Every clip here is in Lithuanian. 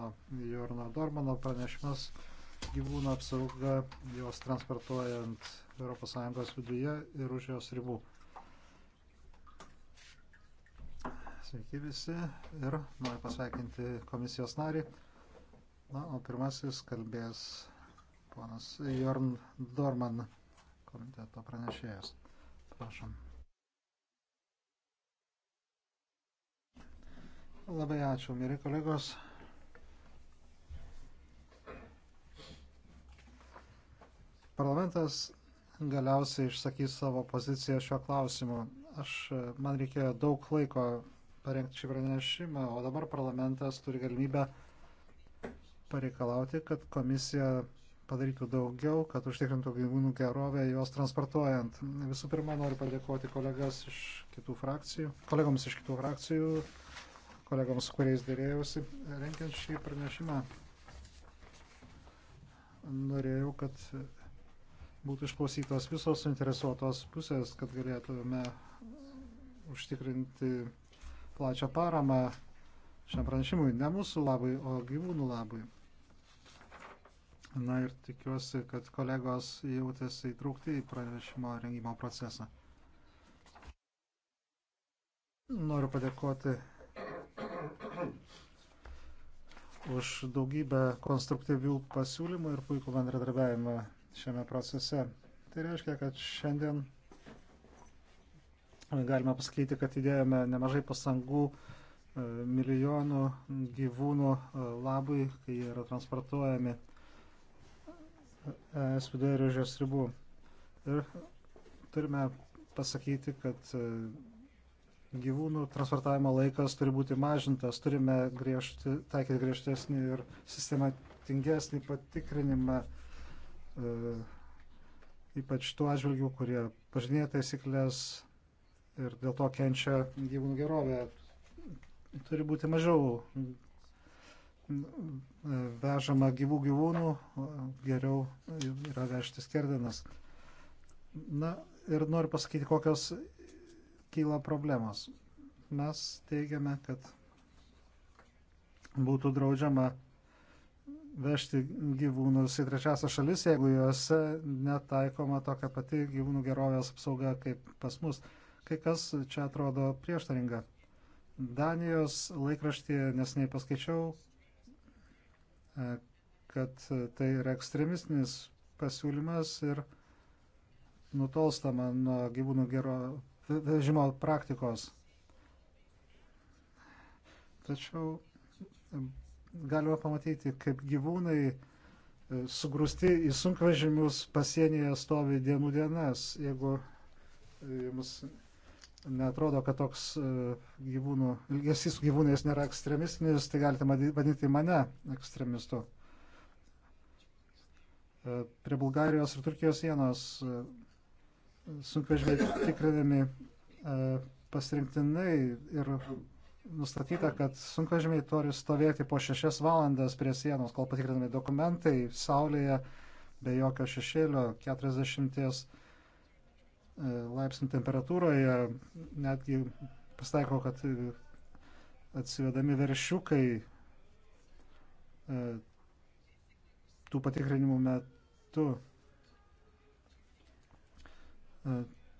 Dormano, Jorno Dormano pranešimas gyvūnų apsauga juos transportuojant ES viduje ir už jos ribų. Sveiki visi ir noriu pasveikinti komisijos narį. Na, o pirmasis kalbės ponas Jorn Dorman, komiteto pranešėjas. Prašom. Labai ačiū, mėly kolegos. Parlamentas galiausiai išsakys savo poziciją šiuo klausimu. Aš, man reikėjo daug laiko parengti šį pranešimą, o dabar parlamentas turi galimybę pareikalauti, kad komisija padarytų daugiau, kad užtikrintų gyvūnų gerovę juos transportuojant. Visų pirma, noriu padėkoti kolegas iš kitų frakcijų, kolegoms iš kitų frakcijų, kolegoms, su kuriais dėrėjausi, renkiant šį pranešimą. Norėjau, kad būtų išklausytos visos suinteresuotos pusės, kad galėtume užtikrinti plačią paramą šiam pranešimui, ne mūsų labui, o gyvūnų labui. Na ir tikiuosi, kad kolegos jautėsi įtraukti į pranešimo rengimo procesą. Noriu padėkoti už daugybę konstruktyvių pasiūlymų ir puikų bendradarbiavimą šiame procese. Tai reiškia, kad šiandien galime pasakyti, kad įdėjome nemažai pasangų e, milijonų gyvūnų e, labui, kai jie yra transportuojami es viduje ir už jos ribų. Ir turime pasakyti, kad e, gyvūnų transportavimo laikas turi būti mažintas, turime griežti, taikyti griežtesnį ir sistematingesnį patikrinimą E, ypač tuo atžvilgiu, kurie pažinėja taisyklės ir dėl to kenčia gyvūnų gerovė. Turi būti mažiau e, vežama gyvų gyvūnų, geriau yra vežti skerdinas. Na ir noriu pasakyti, kokios kyla problemos. Mes teigiame, kad būtų draudžiama vežti gyvūnus į trečiasią šalis, jeigu juose netaikoma tokia pati gyvūnų gerovės apsauga kaip pas mus. Kai kas čia atrodo prieštaringa. Danijos laikraštyje nesnei paskaičiau, e, kad tai yra ekstremistinis pasiūlymas ir nutolstama nuo gyvūnų gero vežimo praktikos. Tačiau galima pamatyti, kaip gyvūnai e, sugrūsti į sunkvežimius pasienyje stovi dienų dienas. Jeigu e, jums netrodo, kad toks e, gyvūnų, ilgesys su gyvūnais nėra ekstremistinis, tai galite vadinti mane ekstremistu. Prie Bulgarijos ir Turkijos sienos sunkvežimiai tikrinami pasirinktinai ir nustatyta, kad sunkvežimiai turi stovėti po šešias valandas prie sienos, kol patikrinami dokumentai saulėje be jokio šešėlio 40 e, laipsnių temperatūroje, netgi pasitaiko, kad e, atsivedami veršiukai e, tų patikrinimų metu.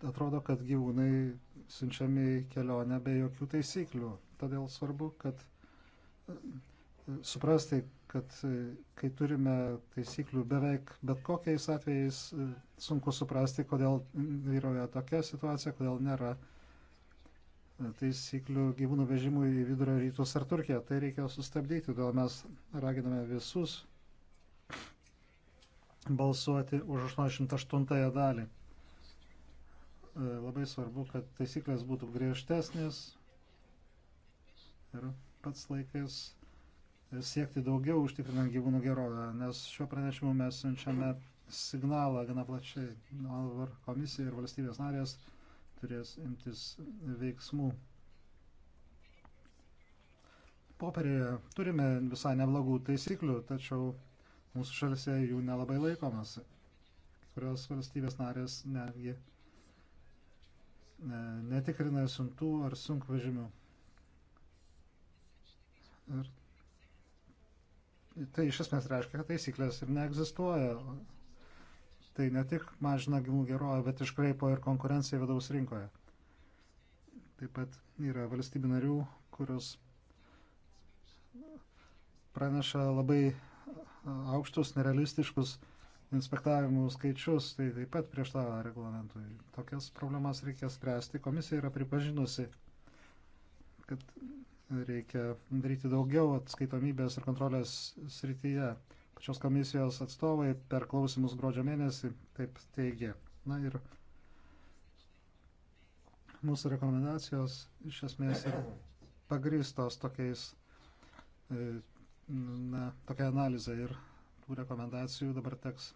Atrodo, kad gyvūnai siunčiami į kelionę be jokių taisyklių. Todėl svarbu, kad e, suprasti, kad e, kai turime taisyklių beveik bet kokiais atvejais, e, sunku suprasti, kodėl vyroja tokia situacija, kodėl nėra taisyklių gyvūnų vežimui į vidurio rytus ar Turkiją. Tai reikia sustabdyti, todėl mes raginame visus balsuoti už 88 dalį. Labai svarbu, kad taisyklės būtų griežtesnės, ir pats laikas siekti daugiau užtikrinant gyvūnų gerovę, nes šiuo pranešimu mes siunčiame signalą gana plačiai. Dabar komisija ir valstybės narės turės imtis veiksmų. Popierėje turime visai neblogų taisyklių, tačiau mūsų šalise jų nelabai laikomas. Kurios valstybės narės netgi e, netikrina siuntų ar sunkvežimių. Ir tai iš esmės reiškia, kad taisyklės ir neegzistuoja. Tai ne tik mažina gyvūnų gerovę, bet iškraipo ir konkurenciją vidaus rinkoje. Taip pat yra valstybių narių, kurios praneša labai aukštus, nerealistiškus inspektavimų skaičius, tai taip pat prieštavo reglamentui. Tokias problemas reikia spręsti. Komisija yra pripažinusi, kad reikia daryti daugiau atskaitomybės ir kontrolės srityje. Pačios komisijos atstovai per klausimus gruodžio mėnesį taip teigė. Na ir mūsų rekomendacijos iš esmės yra pagristos tokiais, e, na, tokia analizė ir tų rekomendacijų dabar teks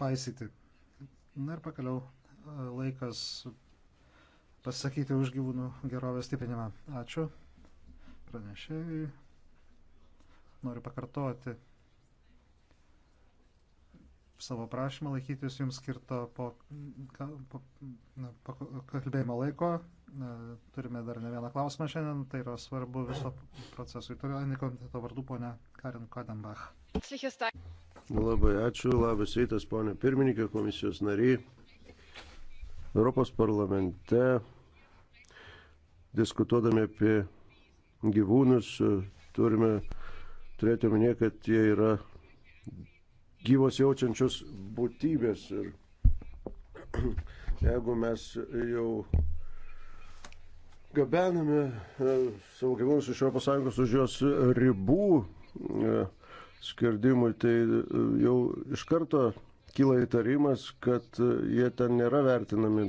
paisyti. Na ir pakaliau e, laikas pasakyti už gyvūnų gerovės stiprinimą. Ačiū pranešėjui. Noriu pakartoti savo prašymą laikytis jums skirto po, po, po kalbėjimo laiko. Turime dar ne vieną klausimą šiandien, tai yra svarbu viso procesui. Toliau Anikomiteto vardu ponia Karin Kodenbach. Labai ačiū, labas rytas ponia pirmininkė, komisijos nariai. Europos parlamente diskutuodami apie gyvūnus, e, turime turėti omenyje, kad jie yra gyvos jaučiančios būtybės. Ir jeigu mes jau gabename e, savo gyvūnus iš Europos Sąjungos už jos ribų e, skirdimui, tai jau iš karto kyla įtarimas, kad jie ten nėra vertinami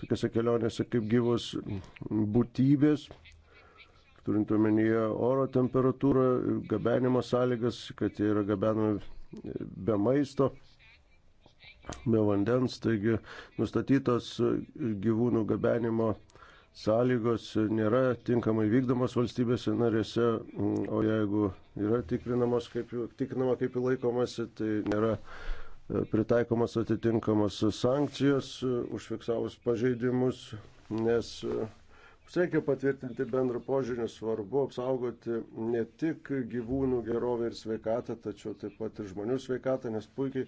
tokiuose kelionėse kaip gyvos būtybės turint omenyje oro temperatūrą, gabenimo sąlygas, kad jie yra gabenami be maisto, be vandens, taigi nustatytos gyvūnų gabenimo sąlygos nėra tinkamai vykdomos valstybėse narėse, o jeigu yra tikrinamos, kaip, tikrinama kaip įlaikomasi, tai nėra e, pritaikomas atitinkamas sankcijos e, užfiksavus pažeidimus, nes e, Mums reikia patvirtinti bendrą požiūrį, svarbu apsaugoti ne tik gyvūnų gerovę ir sveikatą, tačiau taip pat ir žmonių sveikatą, nes puikiai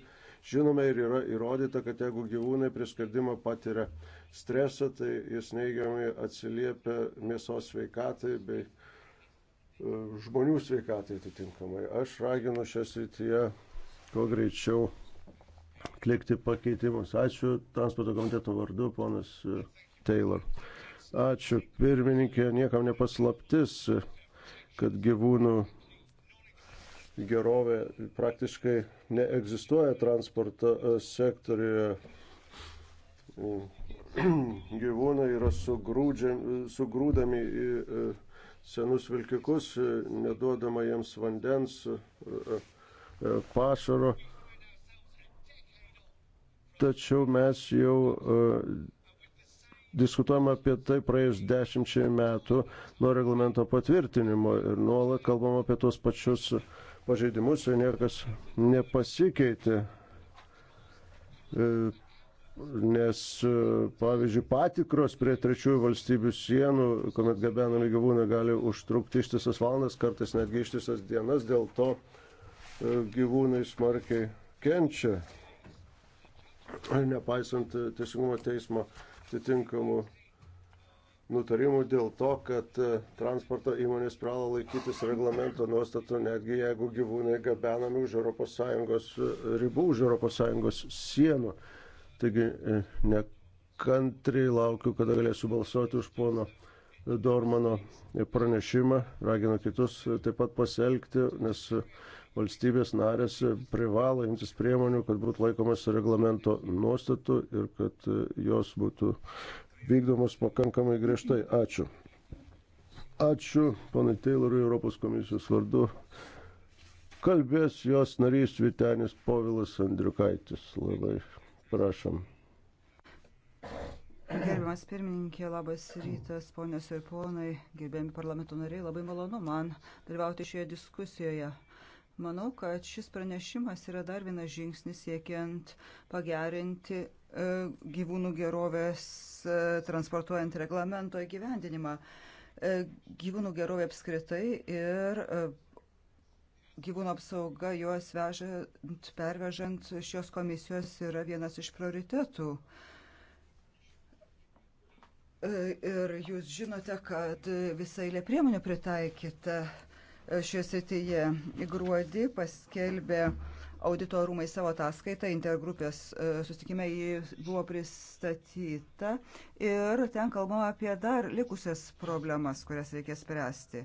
žinome ir yra įrodyta, kad jeigu gyvūnai prie skardimo patiria stresą, tai jis neigiamai atsiliepia mėsos sveikatai bei e, žmonių sveikatai atitinkamai. Aš raginu šią srityje kuo greičiau atlikti pakeitimus. Ačiū transporto komiteto vardu, ponas e, Taylor. Ačiū pirmininkė, niekam nepaslaptis, kad gyvūnų gerovė praktiškai neegzistuoja transporto e, sektoriuje. Gyvūnai yra sugrūdami į e, senus vilkikus, e, neduodama jiems vandens, pašaro. Tačiau mes jau diskutuojama apie tai praėjus dešimčiai metų nuo reglamento patvirtinimo ir nuolat kalbama apie tos pačius pažeidimus ir niekas nepasikeitė. E, nes, e, pavyzdžiui, patikros prie trečiųjų valstybių sienų, kuomet gabenami gyvūnai, gali užtrukti ištisas valandas, kartais netgi ištisas dienas, dėl to e, gyvūnai smarkiai kenčia. Nepaisant teisingumo teismo atitinkamų nutarimų dėl to, kad e, transporto įmonės privalo laikytis reglamento nuostatų, netgi jeigu gyvūnai gabenami už ES e, ribų, už ES sienų. Taigi e, nekantriai laukiu, kada galėsiu balsuoti už pono Dormano pranešimą, raginu kitus taip pat pasielgti, nes valstybės narės privalo imtis priemonių, kad būtų laikomas reglamento nuostatų ir kad e, jos būtų vykdomos pakankamai griežtai. Ačiū. Ačiū panai Taylorui Europos komisijos vardu. Kalbės jos narys Vitenis Povilas Andriukaitis. Labai prašom. Gerbiamas pirmininkė, labas rytas, ponios ir ponai, gerbiami parlamento nariai, labai malonu man dalyvauti šioje diskusijoje. Manau, kad šis pranešimas yra dar vienas žingsnis siekiant pagerinti e, gyvūnų gerovės e, transportuojant reglamento įgyvendinimą. E, gyvūnų gerovė apskritai ir gyvūnų apsauga juos vežant, pervežant šios komisijos yra vienas iš prioritetų. Ir jūs žinote, kad visai lė priemonių pritaikyta šioje srityje. Gruodį paskelbė audito rūmai savo ataskaitą, intergrupės e, susitikime jį buvo pristatyta ir ten kalbama apie dar likusias problemas, kurias reikia spręsti.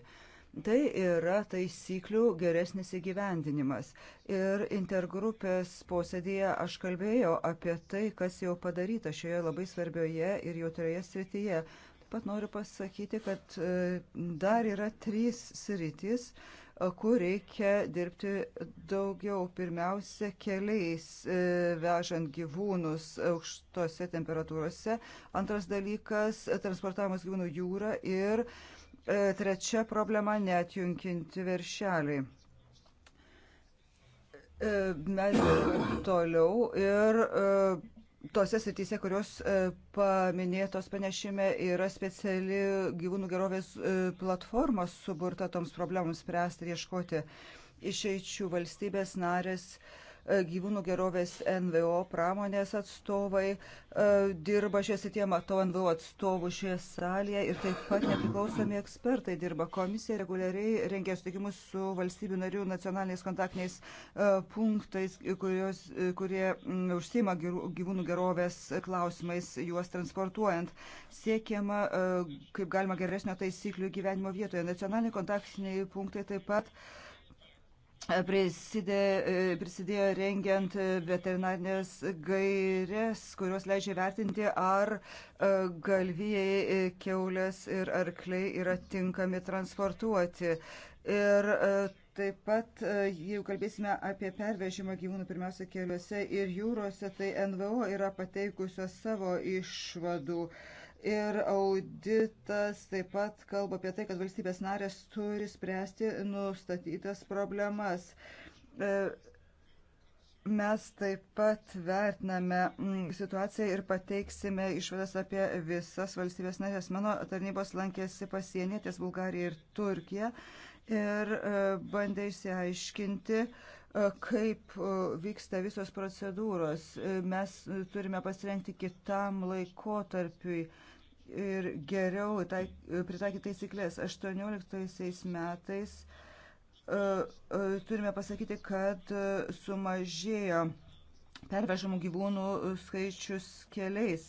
Tai yra taisyklių geresnis įgyvendinimas. Ir intergrupės posėdėje aš kalbėjau apie tai, kas jau padaryta šioje labai svarbioje ir jautrioje srityje pat noriu pasakyti, kad e, dar yra trys sritys, e, kur reikia dirbti daugiau. Pirmiausia, keliais e, vežant gyvūnus aukštose temperatūrose. Antras dalykas - transportavimas gyvūnų jūra. Ir trečia problema - netjunkinti veršeliai. Mes toliau ir tose srityse, kurios e, paminėtos panešime, yra speciali gyvūnų gerovės e, platforma suburta toms problemams spręsti ir ieškoti išeičių valstybės narės E, gyvūnų gerovės NVO pramonės atstovai e, dirba šioje srityje, matau NVO atstovų šioje salėje ir taip pat nepriklausomi ekspertai dirba. Komisija reguliariai rengia sutikimus su valstybių narių nacionaliniais kontaktiniais e, punktais, kurios, kurie mm, užsima gyvūnų gerovės klausimais juos transportuojant. Siekiama, kaip galima geresnio taisyklių gyvenimo vietoje. Nacionaliniai kontaktiniai punktai taip pat uh, prisidė, e, prisidėjo rengiant veterinarinės gairės, kurios leidžia vertinti, ar e, galvijai, e, keulės ir arkliai yra tinkami transportuoti. Ir taip pat, jeigu kalbėsime apie pervežimą gyvūnų pirmiausia keliuose ir jūrose, tai NVO yra pateikusios savo išvadų. Uh, Ir auditas taip pat kalba apie tai, kad valstybės narės turi spręsti nustatytas problemas. E, mes taip pat vertiname mm, situaciją ir pateiksime išvadas apie visas valstybės narės. Mano tarnybos lankėsi pasienytės Bulgarija ir Turkija ir e, bandė išsiaiškinti, e, kaip vyksta visos procedūros. Mes turime pasirengti kitam laikotarpiui ir geriau tai, pritaikyti taisyklės. 18 metais uh, uh, turime pasakyti, kad uh, sumažėjo pervežamų gyvūnų skaičius keliais.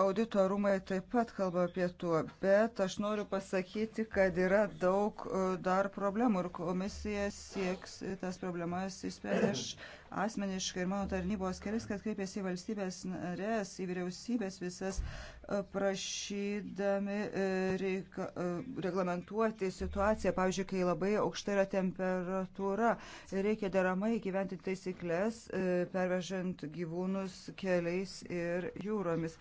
Audito rūmai taip pat kalba apie tuo, bet aš noriu pasakyti, kad yra daug dar problemų ir komisija sieks tas problemas išspręsti. Aš asmeniškai ir mano tarnybos kelias, kad kreipėsi į valstybės narės, į vyriausybės visas, e, prašydami e, reika, e, reglamentuoti situaciją, pavyzdžiui, kai labai aukšta yra temperatūra, reikia deramai gyventi taisyklės, pervežant gyvūnus keliais ir jūromis.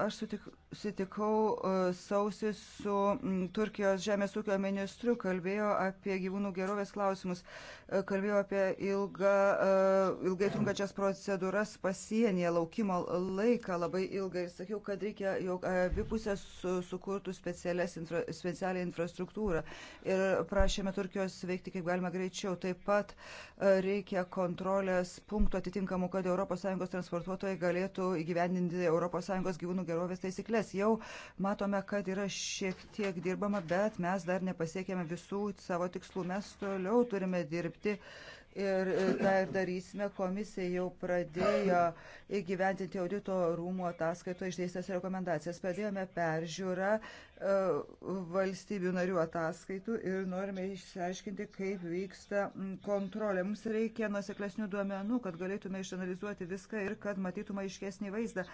Aš sutik, Sitikau e, sausis su Turkijos žemės ūkio ministru, kalbėjo apie gyvūnų gerovės klausimus, e, kalbėjo apie ilgą, e, ilgai trunkačias procedūras pasienyje, laukimo laiką labai ilgai ir sakiau, kad reikia, jog abi pusės su, sukurtų infra, specialią infrastruktūrą ir prašėme Turkijos veikti kaip galima greičiau. Taip pat reikia kontrolės punktų atitinkamų, kad ES transportuotojai galėtų įgyvendinti ES gyvūnų gerovės taisyklės narės. Jau matome, kad yra šiek tiek dirbama, bet mes dar nepasiekėme visų savo tikslų. Mes toliau turime dirbti. Ir e, tą ir darysime. Komisija jau pradėjo įgyventinti audito rūmų ataskaito išdėstęs rekomendacijas. Pradėjome peržiūrą e, valstybių narių ataskaitų ir norime išsiaiškinti, kaip vyksta kontrolė. Mums reikia nuoseklesnių duomenų, kad galėtume išanalizuoti viską ir kad matytume iškesnį vaizdą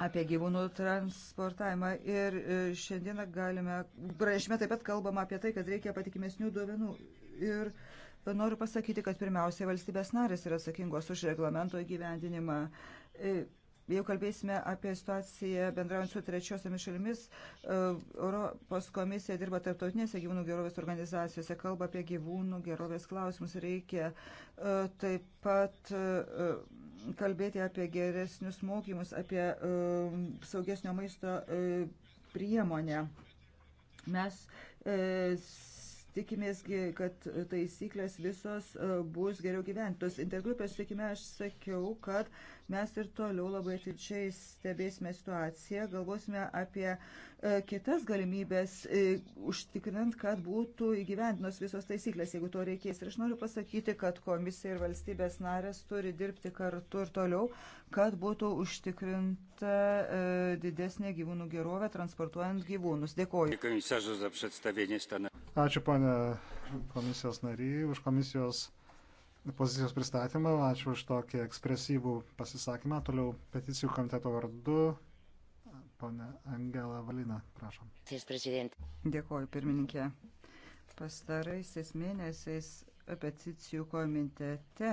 apie gyvūnų transportavimą. Ir e, šiandieną galime, pranešime taip pat kalbama apie tai, kad reikia patikimesnių duomenų. Ir noriu pasakyti, kad pirmiausiai valstybės narės yra atsakingos už reglamento įgyvendinimą. E, jau kalbėsime apie situaciją bendraujant su trečiosiamis šalimis. E, Europos komisija dirba tarptautinėse gyvūnų gerovės organizacijose, kalba apie gyvūnų gerovės klausimus. Reikia taip pat kalbėti apie geresnius mokymus, apie um, saugesnio maisto uh, priemonę. Mes uh, tikimės, kad taisyklės visos uh, bus geriau gyventos. Intergrupės tikime aš sakiau, kad Mes ir toliau labai atidžiai stebėsime situaciją, galvosime apie e, kitas galimybės, e, užtikrinant, kad būtų įgyvendinos visos taisyklės, jeigu to reikės. Ir aš noriu pasakyti, kad komisija ir valstybės narės turi dirbti kartu ir toliau, kad būtų užtikrinta e, didesnė gyvūnų gerovė transportuojant gyvūnus. Dėkoju. Ačiū, ponė komisijos nariai, už komisijos pozicijos pristatymą. Ačiū už tokį ekspresyvų pasisakymą. Toliau peticijų komiteto vardu. Pone Angela Valina, prašom. Dėkuoju, pirmininkė. Pastaraisiais mėnesiais peticijų komitete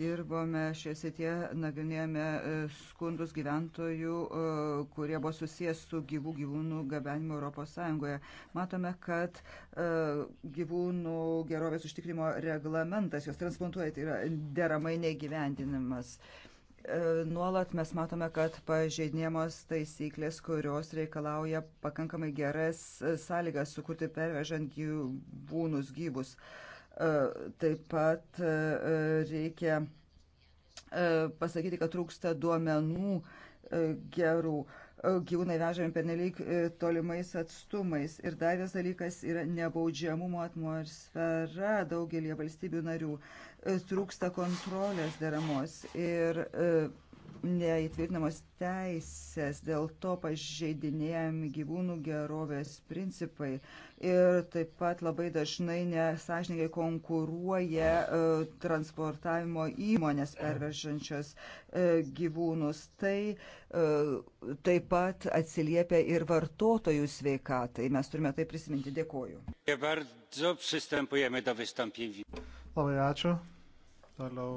dirbome šioje srityje, nagrinėjome e, skundus gyventojų, e, kurie buvo susijęs su gyvų gyvūnų gabenimu ES. Matome, kad e, gyvūnų gerovės užtikrimo reglamentas, jos transplantuoja, tai yra deramai negyvendinimas nuolat mes matome, kad pažeidinėjamos taisyklės, kurios reikalauja pakankamai geras sąlygas sukurti pervežant gyvūnus gyvus. gyvus E, taip pat e, e, reikia pasakyti, kad trūksta duomenų gerų. Gyvūnai vežami pernelyg tolimais atstumais. Ir dar vienas dalykas yra nebaudžiamumo atmosfera daugelie valstybių narių. Trūksta kontrolės deramos. Ir neįtvirtinamos teisės, dėl to pažeidinėjami gyvūnų gerovės principai ir taip pat labai dažnai nesažininkai konkuruoja e, transportavimo įmonės pervežančios e, gyvūnus. Tai e, taip pat atsiliepia ir vartotojų sveikatai. Mes turime tai prisiminti. Dėkoju. Labai ačiū. Toliau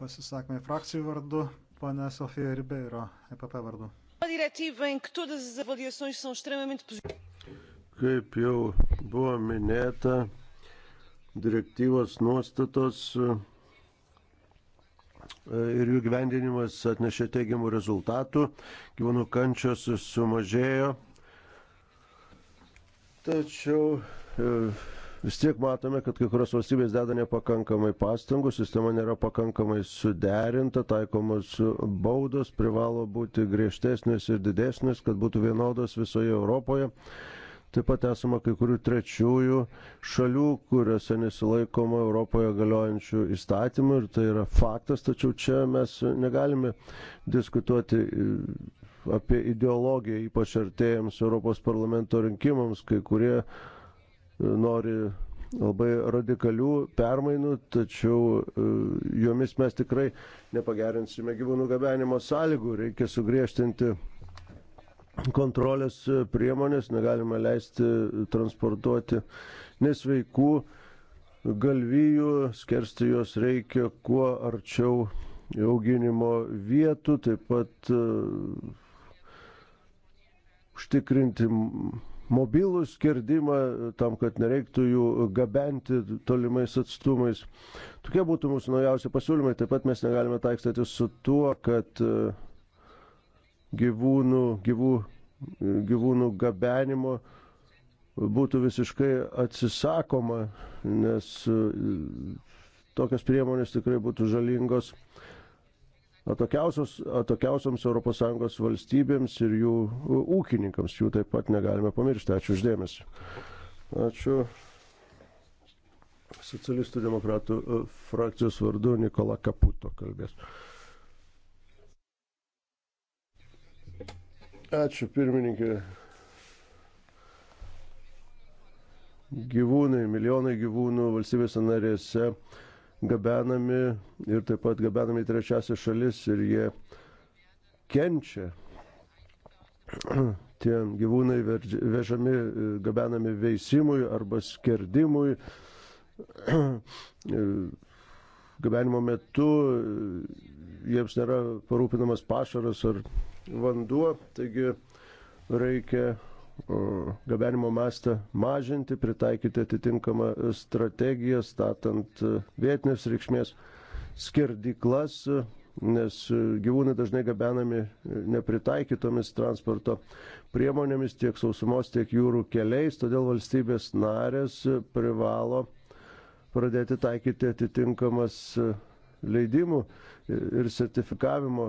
pasisakymai frakcijų vardu, pana Sofija Ribeiro, EPP vardu. Kaip jau buvo minėta, direktyvos nuostatos e, ir jų gyvendinimas atnešė teigiamų rezultatų, gyvūnų kančios sumažėjo, tačiau e, Vis tiek matome, kad kai kurios valstybės deda nepakankamai pastangų, sistema nėra pakankamai suderinta, taikomos baudos privalo būti griežtesnės ir didesnės, kad būtų vienodos visoje Europoje. Taip pat esama kai kurių trečiųjų šalių, kuriuose nesilaikoma Europoje galiojančių įstatymų ir tai yra faktas, tačiau čia mes negalime diskutuoti apie ideologiją, ypač artėjams Europos parlamento rinkimams, kai kurie uh, nori labai radikalių permainų, tačiau e, jomis mes tikrai nepagerinsime gyvūnų gabenimo sąlygų, reikia sugriežtinti kontrolės priemonės, negalima leisti transportuoti nesveikų galvijų, skersti juos reikia kuo arčiau auginimo vietų, taip pat e, užtikrinti uh, mobilų skerdimą e, tam, kad nereiktų jų e, gabenti tolimais atstumais. Tokie būtų mūsų naujausi pasiūlymai. Taip pat mes negalime taikstyti su tuo, kad e, gyvūnų, gyvų, gyvūnų gabenimo būtų visiškai atsisakoma, nes tokios priemonės tikrai būtų žalingos atokiausioms ES valstybėms ir jų ūkininkams. Jų taip pat negalime pamiršti. Ačiū uždėmesi. Ačiū. Socialistų demokratų frakcijos vardu Nikola Kaputo kalbės. Ačiū pirmininkė. Gyvūnai, milijonai gyvūnų valstybėse narėse gabenami ir taip pat gabenami į trečiasias šalis ir jie kenčia. Tie gyvūnai vežami, gabenami veisimui arba skerdimui. Gabenimo metu jiems nėra parūpinamas pašaras ar vanduo, taigi reikia gabenimo mastą mažinti, pritaikyti atitinkamą strategiją, statant e, vietinės reikšmės skirdiklas, nes gyvūnai dažnai gabenami e, nepritaikytomis transporto priemonėmis tiek sausumos, tiek jūrų keliais, todėl valstybės narės privalo pradėti taikyti atitinkamas e, leidimų ir sertifikavimo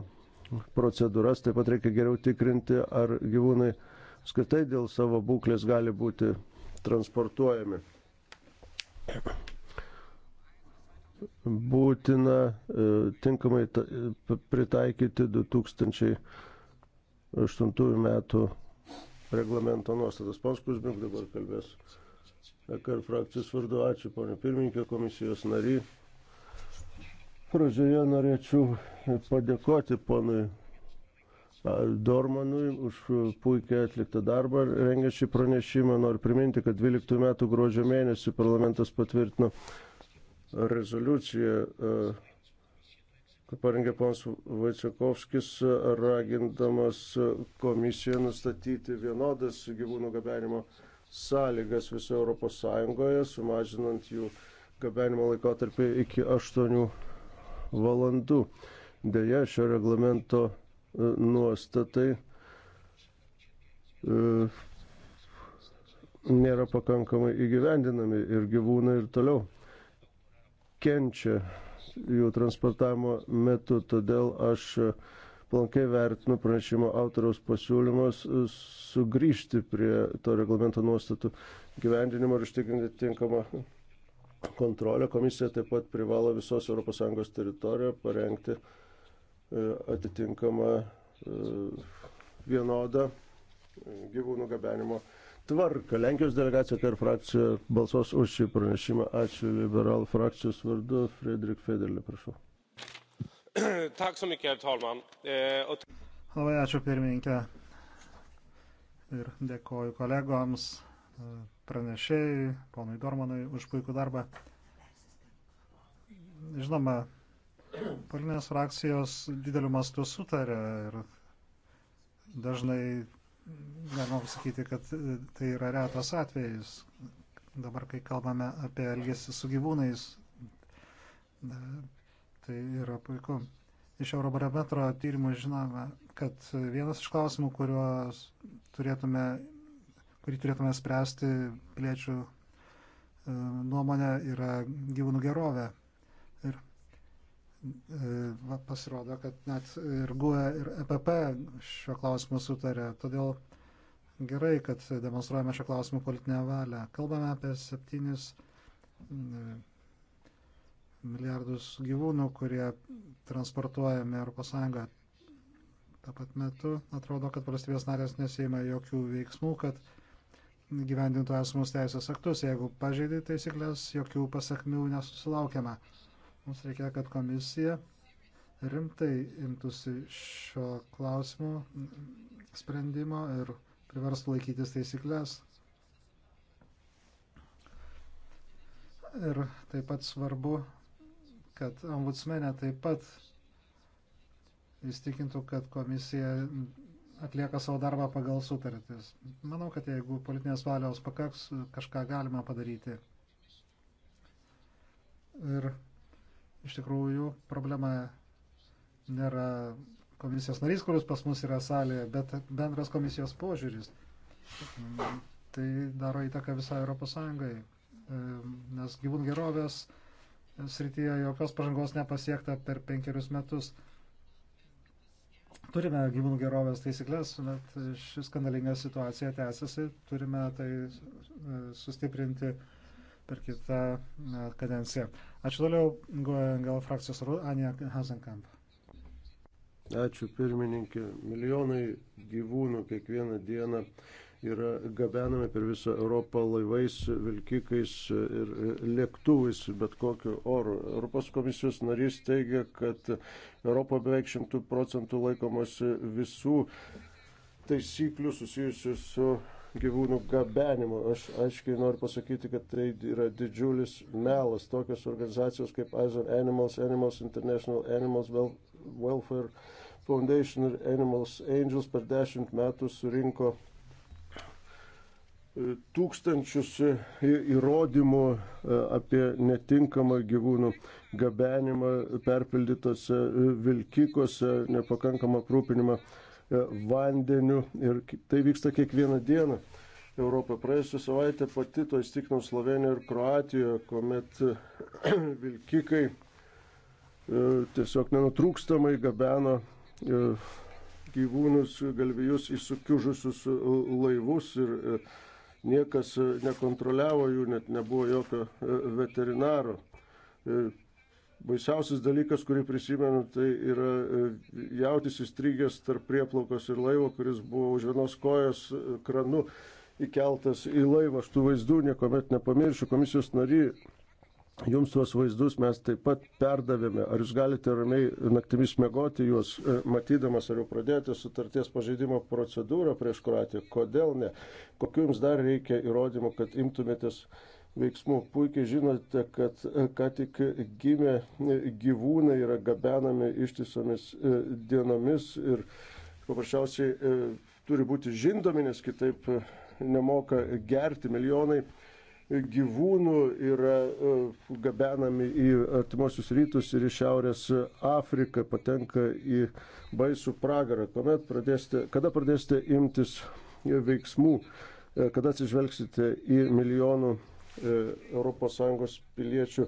procedūras, taip pat reikia geriau tikrinti, ar gyvūnai skaitai dėl savo būklės gali būti transportuojami. Būtina e, tinkamai e, pritaikyti 2008 metų reglamento nuostatas. Pons Kuzmik dabar kalbės. Ekar frakcijos vardu ačiū, ponė pirmininkė, komisijos nary. Pradžioje norėčiau padėkoti ponui Dormanui už puikiai atliktą darbą rengiant šį pranešimą. Noriu priminti, kad 12 metų gruodžio mėnesį parlamentas patvirtino rezoliuciją, kad e, parengė pons Vaicekovskis, ragindamas komisiją nustatyti vienodas gyvūnų gabenimo sąlygas visoje Europos Sąjungoje, sumažinant jų gabenimo laikotarpį iki 8 valandų. Deja, šio reglamento nuostatai e, nėra pakankamai įgyvendinami ir gyvūnai ir toliau kenčia jų transportavimo metu. Todėl aš palankiai vertinu pranešimo autoriaus pasiūlymus sugrįžti prie to reglamento nuostatų gyvendinimo ir užtikrinti tinkamą kontrolę. Komisija taip pat privalo visos ES teritorijoje parengti E, atitinkamą e, vienodą gyvūnų gabenimo tvarką. Lenkijos delegacija ir frakcija balsuos už šį pranešimą. Ačiū liberalų frakcijos vardu. Frederik Federlė, prašau. Eh, Labai ačiū pirmininkė ir dėkoju kolegoms, e, pranešėjai, ponui Dormanui už puikų darbą. Žinoma, Politinės frakcijos dideliu mastu sutarė ir dažnai galima sakyti, kad tai yra retas atvejis. Dabar, kai kalbame apie elgesį su gyvūnais, tai yra puiku. Iš Eurobarometro tyrimų žinome, kad vienas iš klausimų, turėtume, kurį turėtume spręsti piliečių e, nuomonę, yra gyvūnų gerovė. E, pasirodo, kad net ir GUE, ir EPP šio klausimu sutarė. Todėl gerai, kad demonstruojame šio klausimu politinę valią. Kalbame apie 7 mm, e, milijardus gyvūnų, kurie transportuojami ES. Ta pat metu atrodo, kad valstybės narės nesima jokių veiksmų, kad gyvendintų esamus teisės aktus. Jeigu pažeidai taisyklės, jokių pasakmių nesusilaukiama. Mums reikia, kad komisija rimtai imtųsi šio klausimo sprendimo ir priverstų laikytis taisyklės. Ir taip pat svarbu, kad ombudsmenė taip pat įstikintų, kad komisija atlieka savo darbą pagal sutartis. Manau, kad jeigu politinės valios pakaks, kažką galima padaryti. Ir Iš tikrųjų, problema nėra komisijos narys, kuris pas mus yra salėje, bet bendras komisijos požiūris. Mm, tai daro įtaką visai ES, nes gyvūnų gerovės srityje jokios pažangos nepasiekta per penkerius metus. Turime gyvūnų gerovės taisyklės, bet ši skandalinga situacija tęsiasi, turime tai e, sustiprinti per kitą e, kadenciją. Ačiū toliau, gal frakcijos Anija Hazenkamp. Ačiū pirmininkė. Milijonai gyvūnų kiekvieną dieną yra gabenami per visą Europą laivais, vilkikais ir lėktuvais, bet kokiu oru. Europos komisijos narys teigia, kad Europo beveik šimtų procentų laikomosi visų taisyklių susijusių su gyvūnų gabenimo. Aš aiškiai noriu pasakyti, kad tai yra didžiulis melas. Tokios organizacijos kaip Azure Animals, Animals International, Animals Welfare Foundation ir Animals Angels per dešimt metų surinko e, tūkstančius e, įrodymų e, apie netinkamą gyvūnų gabenimą perpildytose vilkikose, nepakankamą aprūpinimą E, vandeniu ir tai vyksta kiekvieną dieną. Europoje praėjusią savaitę pati to įstikinau Slovenijoje ir Kroatijoje, kuomet e, vilkikai e, tiesiog nenutrūkstamai gabeno gyvūnus, galvijus įsukiužusius laivus ir niekas nekontroliavo jų, net nebuvo jokio veterinaro. Baisiausias dalykas, kurį prisimenu, tai yra e, jautis įstrigęs tarp prieplaukos ir laivo, kuris buvo už vienos kojos e, kranu įkeltas į laivą. Aš tų vaizdų niekuomet nepamiršiu. Komisijos nary, jums tuos vaizdus mes taip pat perdavėme. Ar jūs galite ramiai naktimis mėgoti juos, e, matydamas, ar jau pradėjote sutarties pažeidimo procedūrą prieš Kroatiją? Kodėl ne? Kokiu jums dar reikia įrodymų, kad imtumėtės. Tis veiksmų. Puikiai žinote, kad ką tik gimę gyvūnai yra gabenami ištisomis e, dienomis ir paprasčiausiai e, turi būti žindomi, nes kitaip e, nemoka gerti milijonai gyvūnų yra gabenami į artimuosius rytus ir į Šiaurės Afriką, patenka į baisų pragarą. Komet pradėsite, kada pradėsite imtis veiksmų, kada atsižvelgsite į milijonų ES piliečių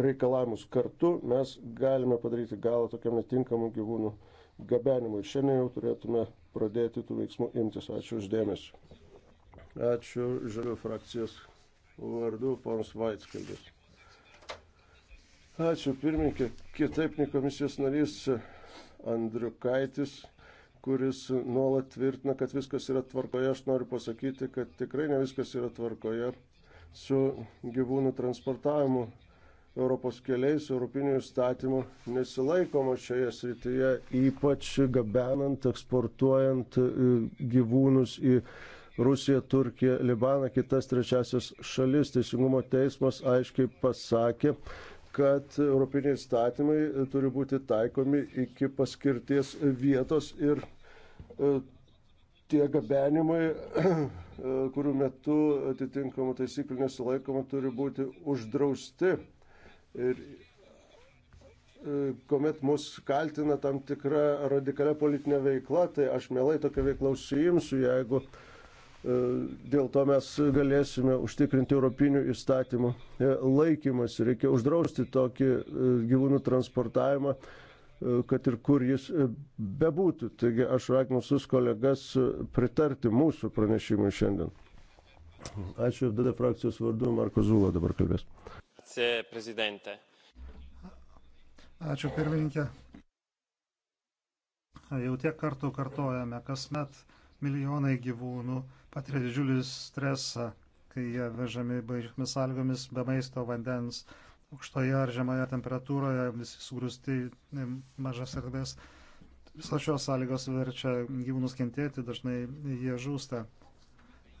reikalavimus. Kartu mes galime padaryti galą tokiam netinkamų gyvūnų gabenimui. Šiandien jau turėtume pradėti tų veiksmų imtis. Ačiū uždėmesi. Ačiū Žalių frakcijos vardu, ponas Vaitskalbis. Ačiū pirmininkė. Kitaip nei komisijos narys Andriukaitis kuris nuolat tvirtina, kad viskas yra tvarkoje. Aš noriu pasakyti, kad tikrai ne viskas yra tvarkoje su gyvūnų transportavimu Europos keliais, Europinių įstatymų nesilaikoma šioje srityje, ypač gabenant, eksportuojant e, gyvūnus į Rusiją, Turkiją, Libaną, kitas trečiasias šalis. Teisingumo teismas aiškiai pasakė, kad Europiniai įstatymai turi būti taikomi iki paskirties vietos ir e, tie gabenimai, e, kurių metu atitinkamų taisyklių nesilaikoma, turi būti uždrausti. Ir e, kuomet mus kaltina tam tikra radikalia politinė veikla, tai aš mielai tokią veiklą užsiimsiu, jeigu e, dėl to mes galėsime užtikrinti europinių įstatymų laikymas. Reikia uždrausti tokį gyvūnų transportavimą E, kad ir kur jis e, bebūtų. Taigi aš raginu visus kolegas e, pritarti mūsų pranešimui šiandien. Ačiū FDD frakcijos vardu, Marko Zulo dabar kalbės. Ačiū pirmininkė. Jau tiek kartų kartojame, kasmet milijonai gyvūnų patiria didžiulį stresą, kai jie vežami baigšmis sąlygomis be maisto vandens aukštoje ar žemoje temperatūroje, visi sugrūsti mažas erdvės. Visos šios sąlygos verčia gyvūnus kentėti, dažnai jie žūsta.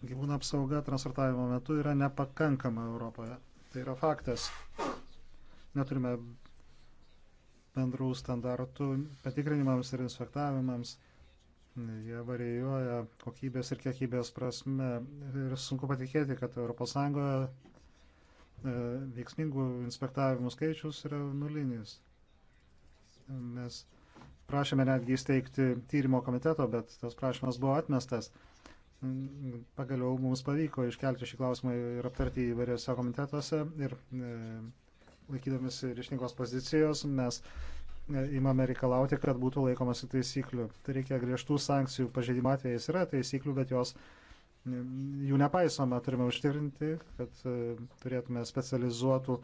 Gyvūnų apsauga transportavimo metu yra nepakankama Europoje. Tai yra faktas. Neturime bendrų standartų patikrinimams ir inspektavimams. Jie varijuoja kokybės ir kiekybės prasme. Ir sunku patikėti, kad ES E, veiksmingų inspektavimų skaičius yra nulinis. Mes prašėme netgi įsteigti tyrimo komiteto, bet tas prašymas buvo atmestas. Pagaliau mums pavyko iškelti šį klausimą ir aptarti įvairiose komitetuose ir e, laikydamasi ryšninkos pozicijos mes įmame e, reikalauti, kad būtų laikomasi taisyklių. Tai reikia griežtų sankcijų, pažeidimo atvejais yra taisyklių, bet jos jų nepaisoma, turime užtikrinti, kad e, turėtume specializuotų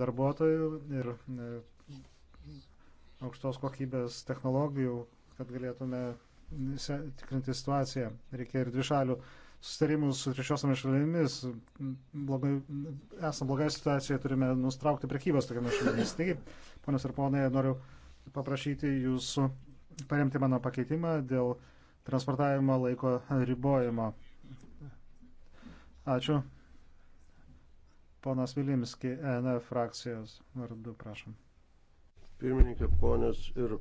darbuotojų ir e, aukštos kokybės technologijų, kad galėtume tikrinti situaciją. Reikia ir dvišalių sustarimų su trečiosiomis šalimis. Blogai, esant blogai situacijai turime nustraukti prekybos tokiamis šalimis. Taigi, ponios ir ponai, noriu paprašyti jūsų paremti mano pakeitimą dėl transportavimo laiko ribojimo. Ačiū. Ponas Vilimski, ENF frakcijos vardu, prašom. Pirmininkė, ponės ir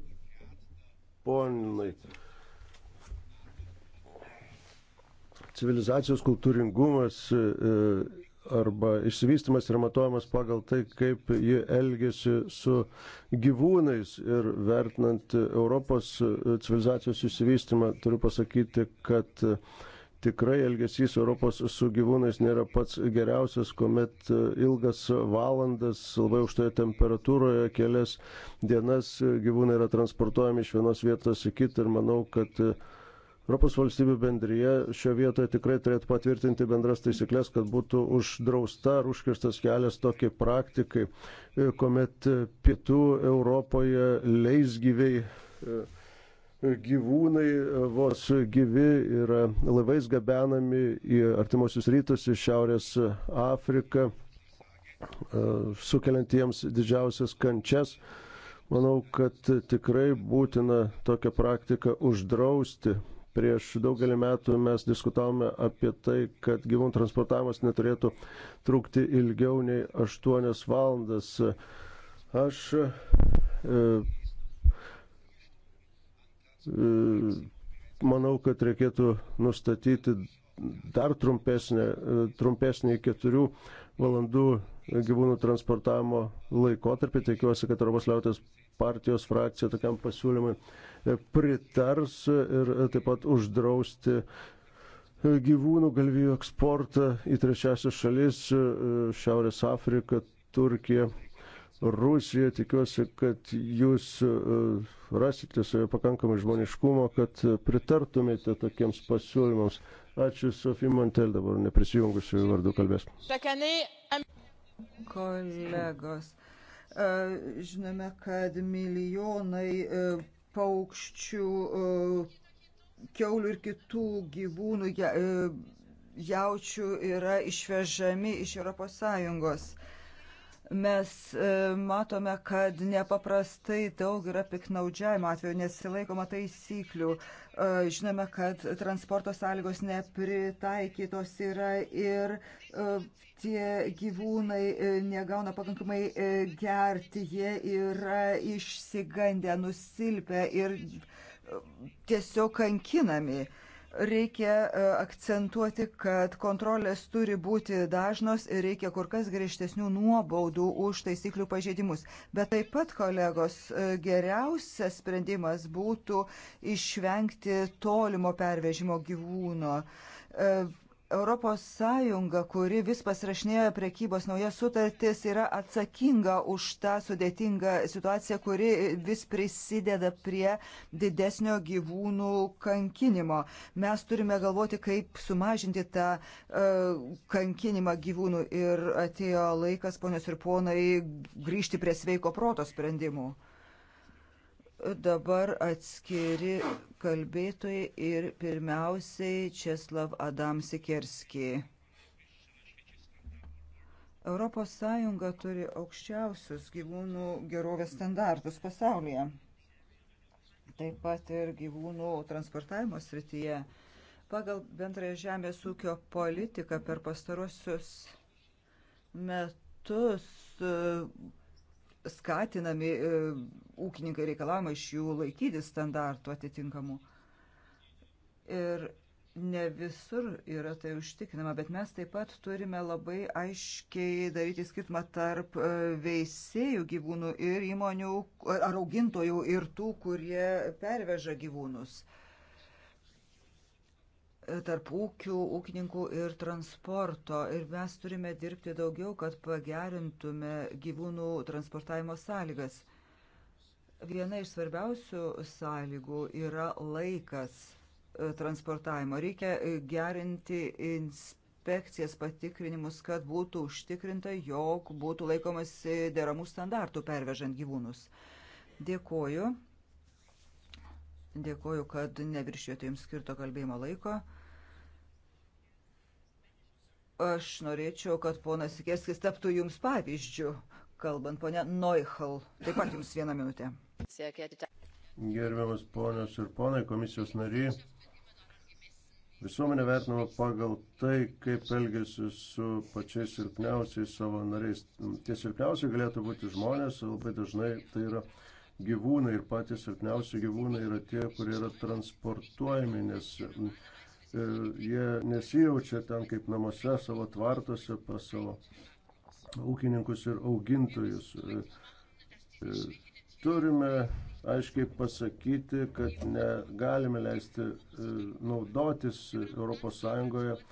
ponai. Civilizacijos kultūringumas e, arba išsivystimas yra matuojamas pagal tai, kaip ji elgesi su gyvūnais ir vertinant Europos e, civilizacijos išsivystimą, turiu pasakyti, kad uh, tikrai elgesys Europos su gyvūnais nėra pats geriausias, kuomet e, ilgas valandas labai aukštoje temperatūroje kelias dienas e, gyvūnai yra transportuojami iš vienos vietos į kitą ir manau, kad e, Europos valstybių bendryje šioje vietoje tikrai turėtų patvirtinti bendras taisyklės, kad būtų uždrausta ar užkirstas kelias tokiai praktikai, kuomet pietų Europoje leisgyviai gyvūnai e, vos gyvi yra laivais gabenami į artimuosius rytus, į Šiaurės Afriką, e, sukeliant jiems didžiausias kančias. Manau, kad tikrai būtina tokią praktiką uždrausti. Prieš daugelį metų mes diskutavome apie tai, kad gyvūnų transportavimas neturėtų trukti ilgiau nei 8 valandas. Aš e, Mm, manau, kad reikėtų nustatyti dar trumpesnį, trumpesnį keturių valandų gyvūnų transportavimo laikotarpį. Tikiuosi, kad Europos liautės partijos frakcija tokiam pasiūlymui pritars ir taip pat uždrausti gyvūnų galvijų eksportą į trečiasias šalis - Šiaurės Afriką, Turkiją Rusiją. Tikiuosi, kad jūs e, rasite save pakankamai žmoniškumo, kad pritartumėte tokiems pasiūlymams. Ačiū Sofija Montel dabar neprisijungusiu vardu kalbės. Kolegos, e, žinome, kad milijonai e, paukščių, keulių ir kitų gyvūnų jaučių yra išvežami iš ES Mes e, matome, kad nepaprastai daug yra piknaudžiavimo atveju, nesilaikoma taisyklių. E, žinome, kad transporto sąlygos nepritaikytos yra ir e, tie gyvūnai negauna pakankamai gerti, jie yra išsigandę, nusilpę ir tiesiog kankinami. Uh, Reikia e, akcentuoti, kad kontrolės turi būti dažnos ir reikia kur kas griežtesnių nuobaudų už taisyklių pažeidimus. Bet taip pat, kolegos, e, geriausias sprendimas būtų išvengti tolimo pervežimo gyvūno e, Europos Sąjunga, kuri vis pasirašinėja prekybos naujas sutartis, yra atsakinga už tą sudėtingą situaciją, kuri vis prisideda prie didesnio gyvūnų kankinimo. Mes turime galvoti, kaip sumažinti tą uh, kankinimą gyvūnų ir atėjo laikas, ponios ir ponai, grįžti prie sveiko proto sprendimų dabar atskiri kalbėtojai ir pirmiausiai Česlav Adam Sikerski. Europos Sąjunga turi aukščiausius gyvūnų gerovės standartus pasaulyje. Taip pat ir gyvūnų transportavimo srityje. Pagal bendrąją žemės ūkio politiką per pastarosius metus skatinami e, ūkininkai reikalavimai iš jų laikyti standartų atitinkamų. Ir ne visur yra tai užtikrinama, bet mes taip pat turime labai aiškiai daryti skirtumą tarp e, veisėjų gyvūnų ir įmonių ar augintojų ir tų, kurie perveža gyvūnus. Uh, tarp ūkių, ūkininkų ir transporto. Ir mes turime dirbti daugiau, kad pagerintume gyvūnų transportavimo sąlygas. Viena iš svarbiausių sąlygų yra laikas e, transportavimo. Reikia e, gerinti inspekcijas patikrinimus, kad būtų užtikrinta, jog būtų laikomasi deramų standartų pervežant gyvūnus. Dėkuoju. Dėkuoju, kad neviršijote jums skirto kalbėjimo laiko. Aš norėčiau, kad ponas Sikėskis taptų jums pavyzdžių, kalbant ponė Neuchal. Taip pat jums vieną minutę. Gerbiamas ponios ir ponai, komisijos nariai. Visuomenė vertinama pagal tai, kaip elgesi su pačiais silpniausiais savo nariais. Tie silpniausiai galėtų būti žmonės, labai dažnai tai yra gyvūnai ir patys silpniausi gyvūnai yra tie, kurie yra transportuojami, nes e, jie nesijaučia ten kaip namuose, savo tvartuose, pas savo ūkininkus ir augintojus. E, e, turime aiškiai pasakyti, kad negalime leisti naudotis ES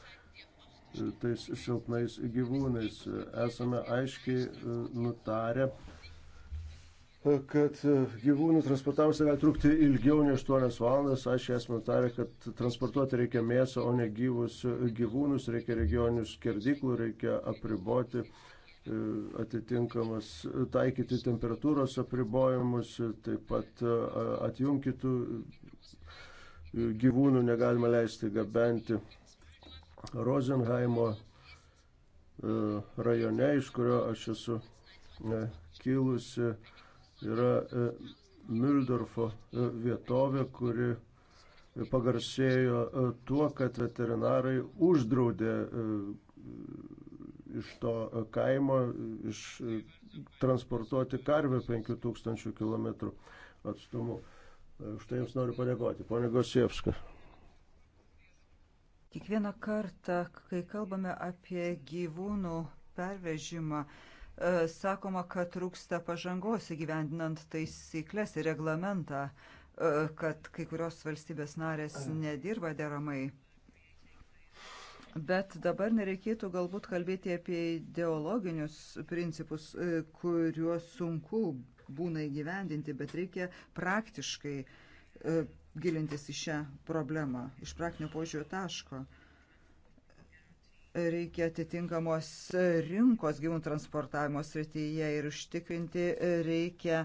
tais silpnais gyvūnais. Esame aiškiai nutarę, kad e, gyvūnų transportavimas gali trukti ilgiau nei 8 valandas. Aš esame tarę, kad transportuoti reikia mėsą, o ne gyvus e, gyvūnus, reikia regioninių skerdiklų, reikia apriboti e, atitinkamas, taikyti temperatūros apribojimus, taip pat atjunkitų gyvūnų negalima leisti gabenti Rozenheimo rajone, iš kurio aš esu kilusi yra e, Mildorfo e, vietovė, kuri pagarsėjo e, tuo, kad veterinarai uždraudė iš to kaimo iš, transportuoti karvę 5000 km atstumu. Štai jums noriu padėkoti, ponė Gosievska. Kiekvieną kartą, kai kalbame apie gyvūnų pervežimą, E, sakoma, kad trūksta pažangos įgyvendinant taisyklės ir reglamentą, e, kad kai kurios valstybės narės nedirba deramai. Bet dabar nereikėtų galbūt kalbėti apie ideologinius principus, e, kuriuos sunku būna įgyvendinti, bet reikia praktiškai gilintis į šią problemą iš praktinio požiūrio taško reikia atitinkamos rinkos gyvūnų transportavimo srityje ir užtikrinti reikia,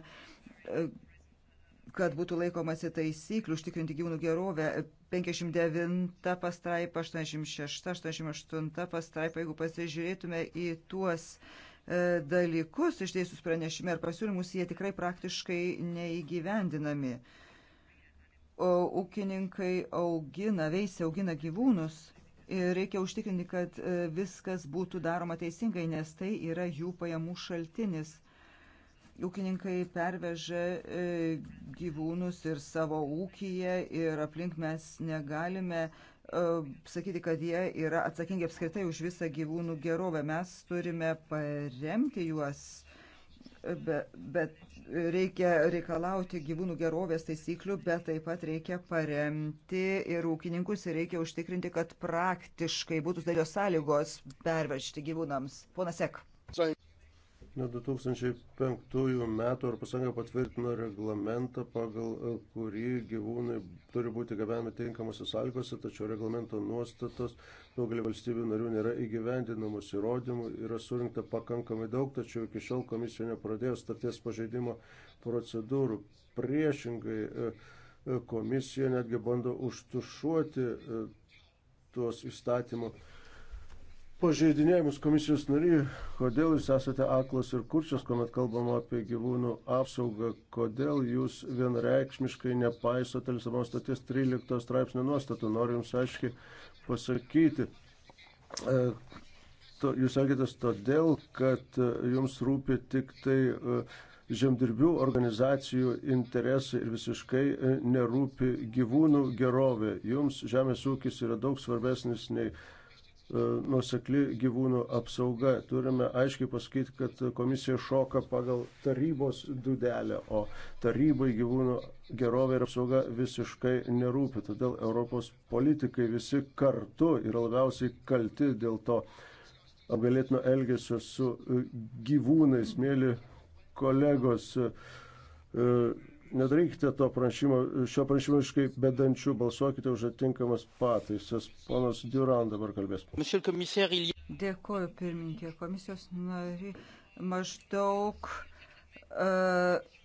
kad būtų laikomasi taisyklių, užtikrinti gyvūnų gerovę. 59 pastraipa, 86, 88 pastraipa, jeigu pasižiūrėtume į tuos e, dalykus išdėsius pranešime ir pasiūlymus, jie tikrai praktiškai neįgyvendinami. O ūkininkai augina, veisia augina gyvūnus Ir reikia užtikrinti, kad e, viskas būtų daroma teisingai, nes tai yra jų pajamų šaltinis. Ūkininkai perveža e, gyvūnus ir savo ūkiją ir aplink mes negalime e, sakyti, kad jie yra atsakingi apskritai už visą gyvūnų gerovę. Mes turime paremti juos bet, bet reikia reikalauti gyvūnų gerovės taisyklių, bet taip pat reikia paremti ir ūkininkus ir reikia užtikrinti, kad praktiškai būtų sudarytos sąlygos pervežti gyvūnams. Pona Sek. Sorry. Nuo 2005 metų Europos Sąjunga patvirtino reglamentą, pagal e, kurį gyvūnai turi būti gabenami tinkamose sąlygose, tačiau reglamento nuostatos daugelį valstybių narių nėra įgyvendinamos įrodymų, yra surinkta pakankamai daug, tačiau iki šiol komisija nepradėjo starties pažeidimo procedūrų. Priešingai e, e, komisija netgi bando užtušuoti tuos įstatymus pažeidinėjimus komisijos nariai, kodėl jūs esate aklas ir kurčias, kuomet kalbama apie gyvūnų apsaugą, kodėl jūs vienreikšmiškai nepaisote Lisabono staties 13 straipsnio nuostatų, noriu jums aiškiai pasakyti. E, to, jūs elgėtės todėl, kad e, jums rūpi tik tai e, žemdirbių organizacijų interesai ir visiškai e, nerūpi gyvūnų gerovė. Jums žemės ūkis yra daug svarbesnis nei E, nusekli gyvūnų apsauga. Turime aiškiai pasakyti, kad komisija šoka pagal tarybos dudelę, o tarybai gyvūnų gerovė ir apsauga visiškai nerūpi. Todėl Europos politikai visi kartu yra labiausiai kalti dėl to apgalėtino elgesio su gyvūnais, mėly kolegos. E, nedarykite to pranešimo, šio pranešimo iškai bedančių, balsuokite už atinkamas pataisas. Ponas Duran dabar kalbės. Dėkuoju, pirmininkė, komisijos nari. Maždaug uh,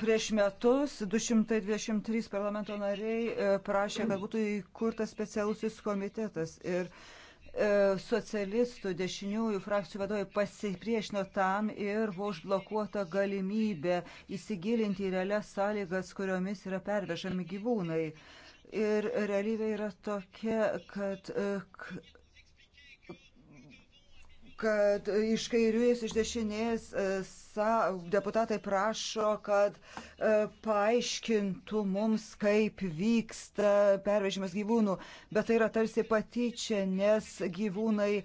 prieš metus 223 parlamento nariai e, prašė, kad būtų įkurtas specialusis komitetas. Ir uh, E, socialistų dešiniųjų frakcijų vadovai pasipriešino tam ir buvo užblokuota galimybė įsigilinti į realias sąlygas, kuriomis yra pervežami gyvūnai. Ir realybė yra tokia, kad e, kad iš kairiųjų, iš dešinės e, sa, deputatai prašo, kad uh, paaiškintų mums, kaip vyksta pervežimas gyvūnų, bet tai yra tarsi patyčia, nes gyvūnai e,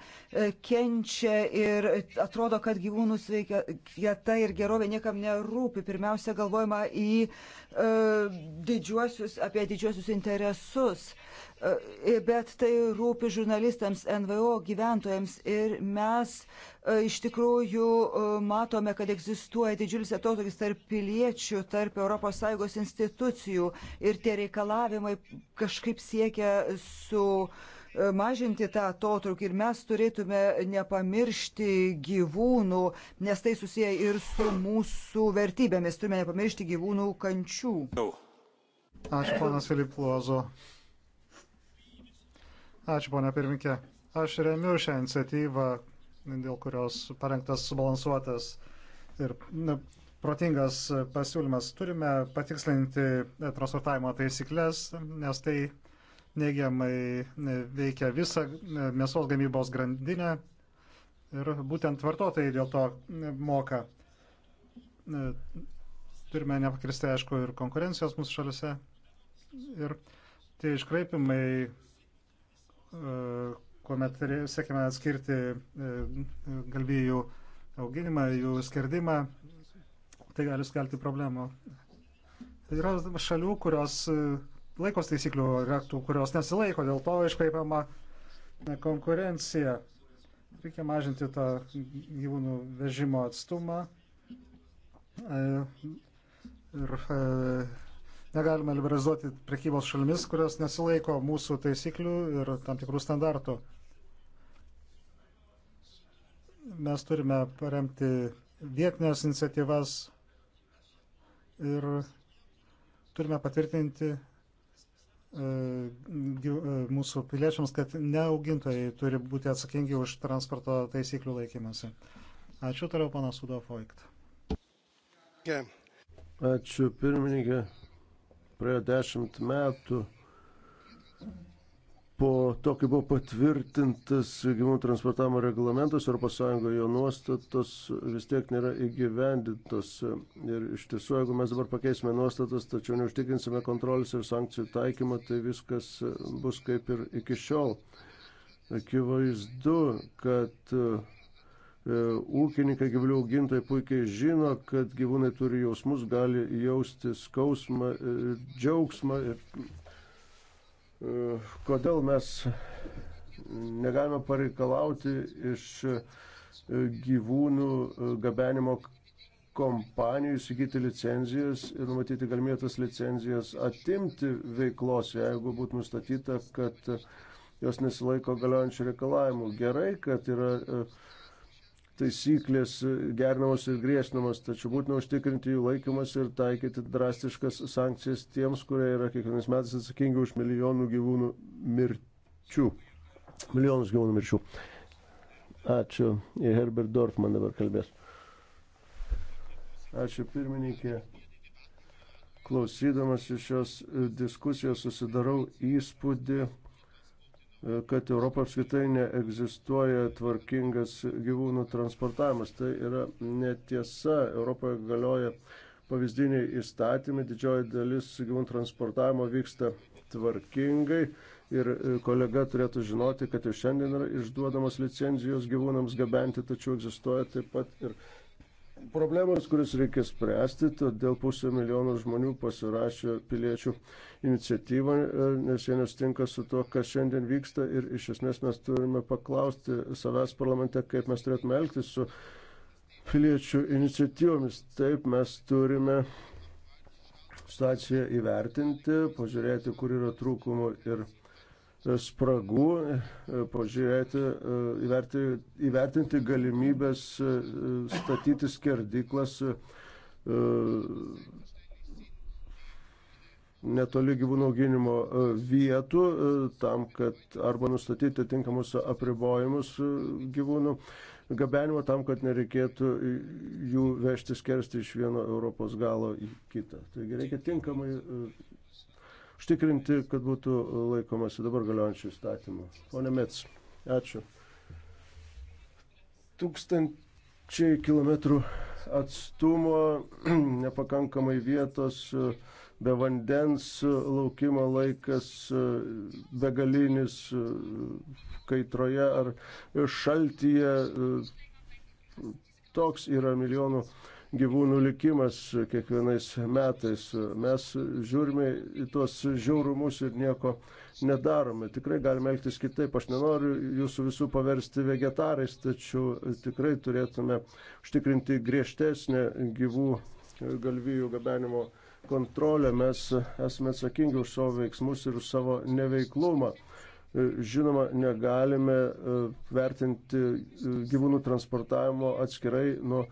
kenčia ir atrodo, kad gyvūnų sveikata ir gerovė niekam nerūpi. Pirmiausia, galvojama į e, didžiuosius, apie didžiuosius interesus. E, bet tai rūpi žurnalistams, NVO gyventojams ir mes iš tikrųjų matome, kad egzistuoja didžiulis atotokis tarp piliečių, tarp tarp ES institucijų ir tie reikalavimai kažkaip siekia su e, mažinti tą atotrukį ir mes turėtume nepamiršti gyvūnų, nes tai susiję ir su mūsų vertybėmis. Turime nepamiršti gyvūnų kančių. Ačiū, ponas Filip Lozo. Ačiū, ponia pirminkė. Aš remiu šią iniciatyvą, dėl kurios parengtas subalansuotas ir ne, protingas pasiūlymas. Turime patikslinti transportavimo taisyklės, nes tai neigiamai veikia visą mėsos gamybos grandinę ir būtent vartotojai dėl to moka. Turime nepakristi, aišku, ir konkurencijos mūsų šalise. Ir tie iškraipimai, kuomet siekime atskirti e, galvijų auginimą, jų skerdimą, tai gali skelti problemų. Tai yra šalių, kurios e, laikos taisyklių yra tų, kurios nesilaiko, dėl to iškaipama konkurencija. Reikia mažinti tą gyvūnų vežimo atstumą. E, ir e, negalime liberalizuoti prekybos šalimis, kurios nesilaiko mūsų taisyklių ir tam tikrų standartų. Mes turime paremti vietinės iniciatyvas, ir turime patvirtinti e, e, mūsų piliečiams, kad neaugintojai turi būti atsakingi už transporto taisyklių laikymasi. Ačiū toliau, panas Udofoikt. Ačiū pirmininkė. Praėjo dešimt metų po to, kai buvo patvirtintas gyvūnų transportavimo reglamentas ES, jo nuostatos vis tiek nėra įgyvendintos. Ir iš tiesų, jeigu mes dabar pakeisime nuostatas, tačiau neužtikrinsime kontrolės ir sankcijų taikymo, tai viskas bus kaip ir iki šiol. Akivaizdu, kad e, ūkininkai, gyvulių augintojai puikiai žino, kad gyvūnai turi jausmus, gali jausti skausmą, e, džiaugsmą ir kodėl mes negalime pareikalauti iš e, gyvūnų e, gabenimo kompanijų įsigyti licenzijas ir numatyti galimybę tas licenzijas atimti veiklos, jeigu būtų nustatyta, kad jos nesilaiko galiojančių reikalavimų. Gerai, kad yra uh, taisyklės gerinamos ir griežtinamos, tačiau būtina užtikrinti jų laikymas ir taikyti drastiškas sankcijas tiems, kurie yra kiekvienais metais atsakingi už milijonų gyvūnų mirčių. Milijonus gyvūnų mirčių. Ačiū. Ir Herbert Dorfman dabar kalbės. Ačiū pirmininkė. Klausydamas iš šios diskusijos susidarau įspūdį, kad Europo apskritai neegzistuoja tvarkingas gyvūnų transportavimas. Tai yra netiesa. Europoje galioja pavyzdiniai įstatymai, didžioji dalis gyvūnų transportavimo vyksta tvarkingai. Ir e, kolega turėtų žinoti, kad jau šiandien yra išduodamos licenzijos gyvūnams gabenti, tačiau egzistuoja taip pat ir problemas, kuris reikia spręsti, todėl pusė milijono žmonių pasirašė piliečių iniciatyvą, e, nes jie nestinka su to, kas šiandien vyksta ir iš esmės mes turime paklausti savęs parlamente, kaip mes turėtume elgtis su piliečių iniciatyvomis. Taip, mes turime situaciją įvertinti, pažiūrėti, kur yra trūkumų ir spragų, e, pažiūrėti, e, įverti, įvertinti galimybės e, statyti skerdiklas netoli gyvūnų auginimo vietų, tam, kad arba nustatyti tinkamus apribojimus gyvūnų gabenimo, tam, kad nereikėtų jų vežti skersti iš vieno Europos galo į kitą. Taigi reikia tinkamai užtikrinti, kad būtų laikomasi dabar galiojančių įstatymų. Pone Mets, ačiū. Tūkstančiai kilometrų atstumo, nepakankamai vietos, be vandens laukimo laikas, begalinis kaitroje ar šaltyje. Toks yra milijonų gyvūnų likimas kiekvienais metais. Mes žiūrime į tuos žiaurumus ir nieko nedarome. Tikrai galime elgtis kitaip. Aš nenoriu jūsų visų paversti vegetarais, tačiau tikrai turėtume užtikrinti griežtesnę gyvų galvijų gabenimo kontrolę. Mes esame atsakingi už savo veiksmus ir už savo neveiklumą. Žinoma, negalime vertinti gyvūnų transportavimo atskirai nuo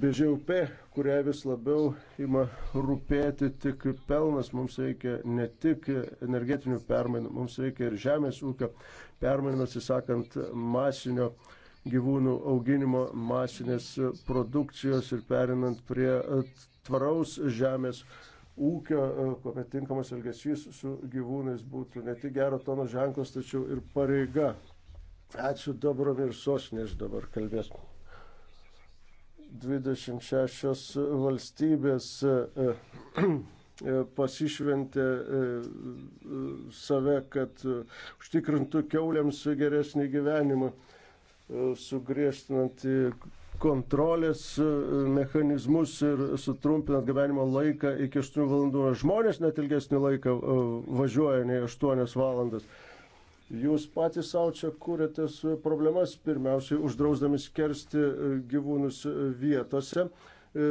BŽUP, kuria vis labiau ima rūpėti tik pelnas, mums reikia ne tik energetinių permainų, mums reikia ir žemės ūkio permainų, atsisakant masinio gyvūnų auginimo, masinės produkcijos ir perinant prie tvaraus žemės ūkio, kuomet tinkamas elgesys su gyvūnais būtų ne tik gero tono ženklas, tačiau ir pareiga. Ačiū Dobrovirsosnės dabar kalbės. 26 valstybės eh, eh, pasišventė eh, save, kad užtikrintų keuliams geresnį gyvenimą, sugriežtinant kontrolės mechanizmus ir sutrumpinant gyvenimo laiką iki 8 valandų. Žmonės net ilgesnį laiką važiuoja nei 8 valandas. Jūs patys savo čia kūrėtės problemas, pirmiausiai uždrausdami skersti e, gyvūnus e, vietose, e,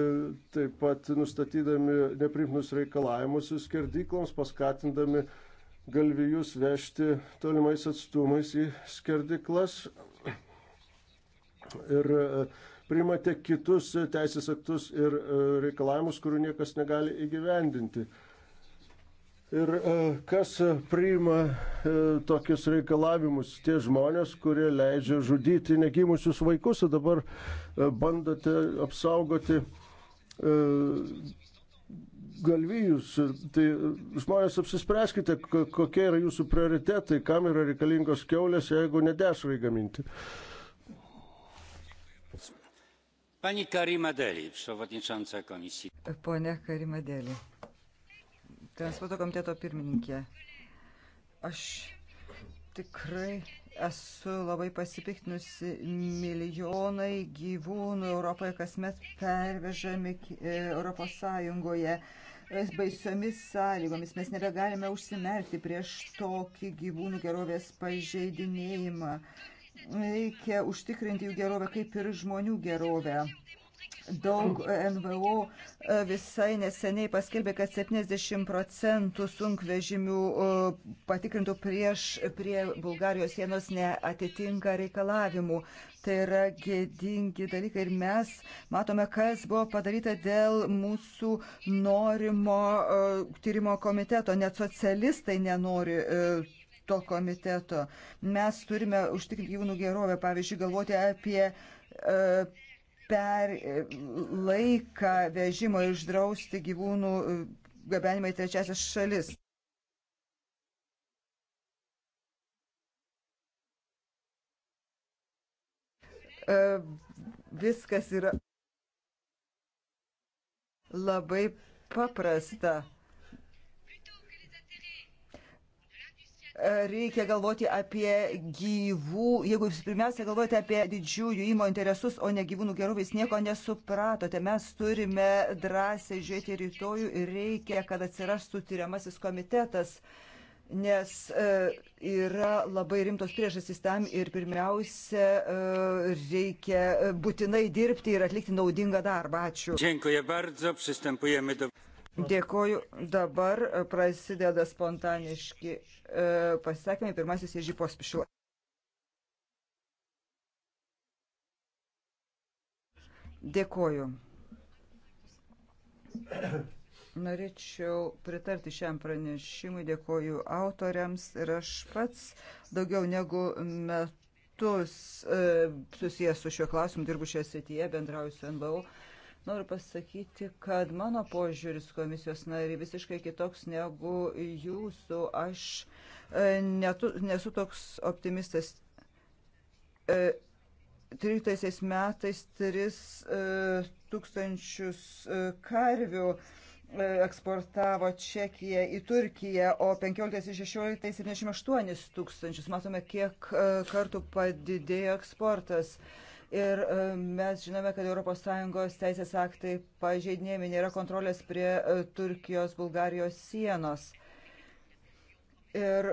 taip pat nustatydami neprimtinus reikalavimus skerdykloms, paskatindami galvijus vežti tolimais atstumais į skerdiklas. Ir primate kitus teisės aktus ir reikalavimus, kurių niekas negali įgyvendinti. Ir e, kas priima e, tokius reikalavimus? Tie žmonės, kurie leidžia žudyti negimusius vaikus, o dabar e, bandote apsaugoti galvijus. Tai žmonės apsispręskite, kokie yra jūsų prioritetai, kam yra reikalingos keulės, jeigu nedešrai gaminti. Pani Karimadėlį, przewodnicząca komisijos. Pone Karimadėlį transporto komiteto pirmininkė. Aš tikrai esu labai pasipiktinusi. Milijonai gyvūnų Europoje kasmet pervežami e, Europos Sąjungoje baisiomis sąlygomis. Mes nebegalime užsimerkti prieš tokį gyvūnų gerovės pažeidinėjimą. Reikia užtikrinti jų gerovę kaip ir žmonių gerovę daug e, NVO e, visai neseniai paskelbė, kad 70 procentų sunkvežimių e, patikrintų prieš prie Bulgarijos sienos neatitinka reikalavimų. Tai yra gėdingi dalykai ir mes matome, kas buvo padaryta dėl mūsų norimo tyrimo komiteto. Net socialistai nenori to komiteto. Mes turime užtikrinti gyvūnų gerovę, pavyzdžiui, galvoti apie per e, laiką vežimo išdrausti gyvūnų e, gabenimą į trečiasias šalis. E, viskas yra labai paprasta. reikia galvoti apie gyvų, jeigu jūs pirmiausia galvojate apie didžiųjų įmonių interesus, o ne gyvūnų gerovės, nieko nesupratote. Mes turime drąsiai žiūrėti rytojų ir reikia, kad atsirastų tyriamasis komitetas, nes e, yra labai rimtos priežastys tam ir pirmiausia e, reikia būtinai dirbti ir atlikti naudingą darbą. Ačiū. Dziękuję bardzo. Przystępujemy do. Dėkoju. Dabar e, prasideda spontaniški e, pasisakymai. Pirmasis Ježy Pospišila. Dėkoju. Norėčiau pritarti šiam pranešimui, dėkoju autoriams ir aš pats daugiau negu metus e, susijęs su šiuo klausimu dirbu šioje srityje, bendrauju su NBO. E, Noriu pasakyti, kad mano požiūris komisijos nariai visiškai kitoks negu jūsų. Aš e, netu, nesu toks optimistas. 13 e, metais 3 e, tūkstančius karvių eksportavo Čekija į Turkiją, o 15-16 78 tūkstančius. Matome, kiek kartų padidėjo eksportas. Ir e, mes žinome, kad ES teisės aktai pažeidinėjami, nėra kontrolės prie e, Turkijos, Bulgarijos sienos. Ir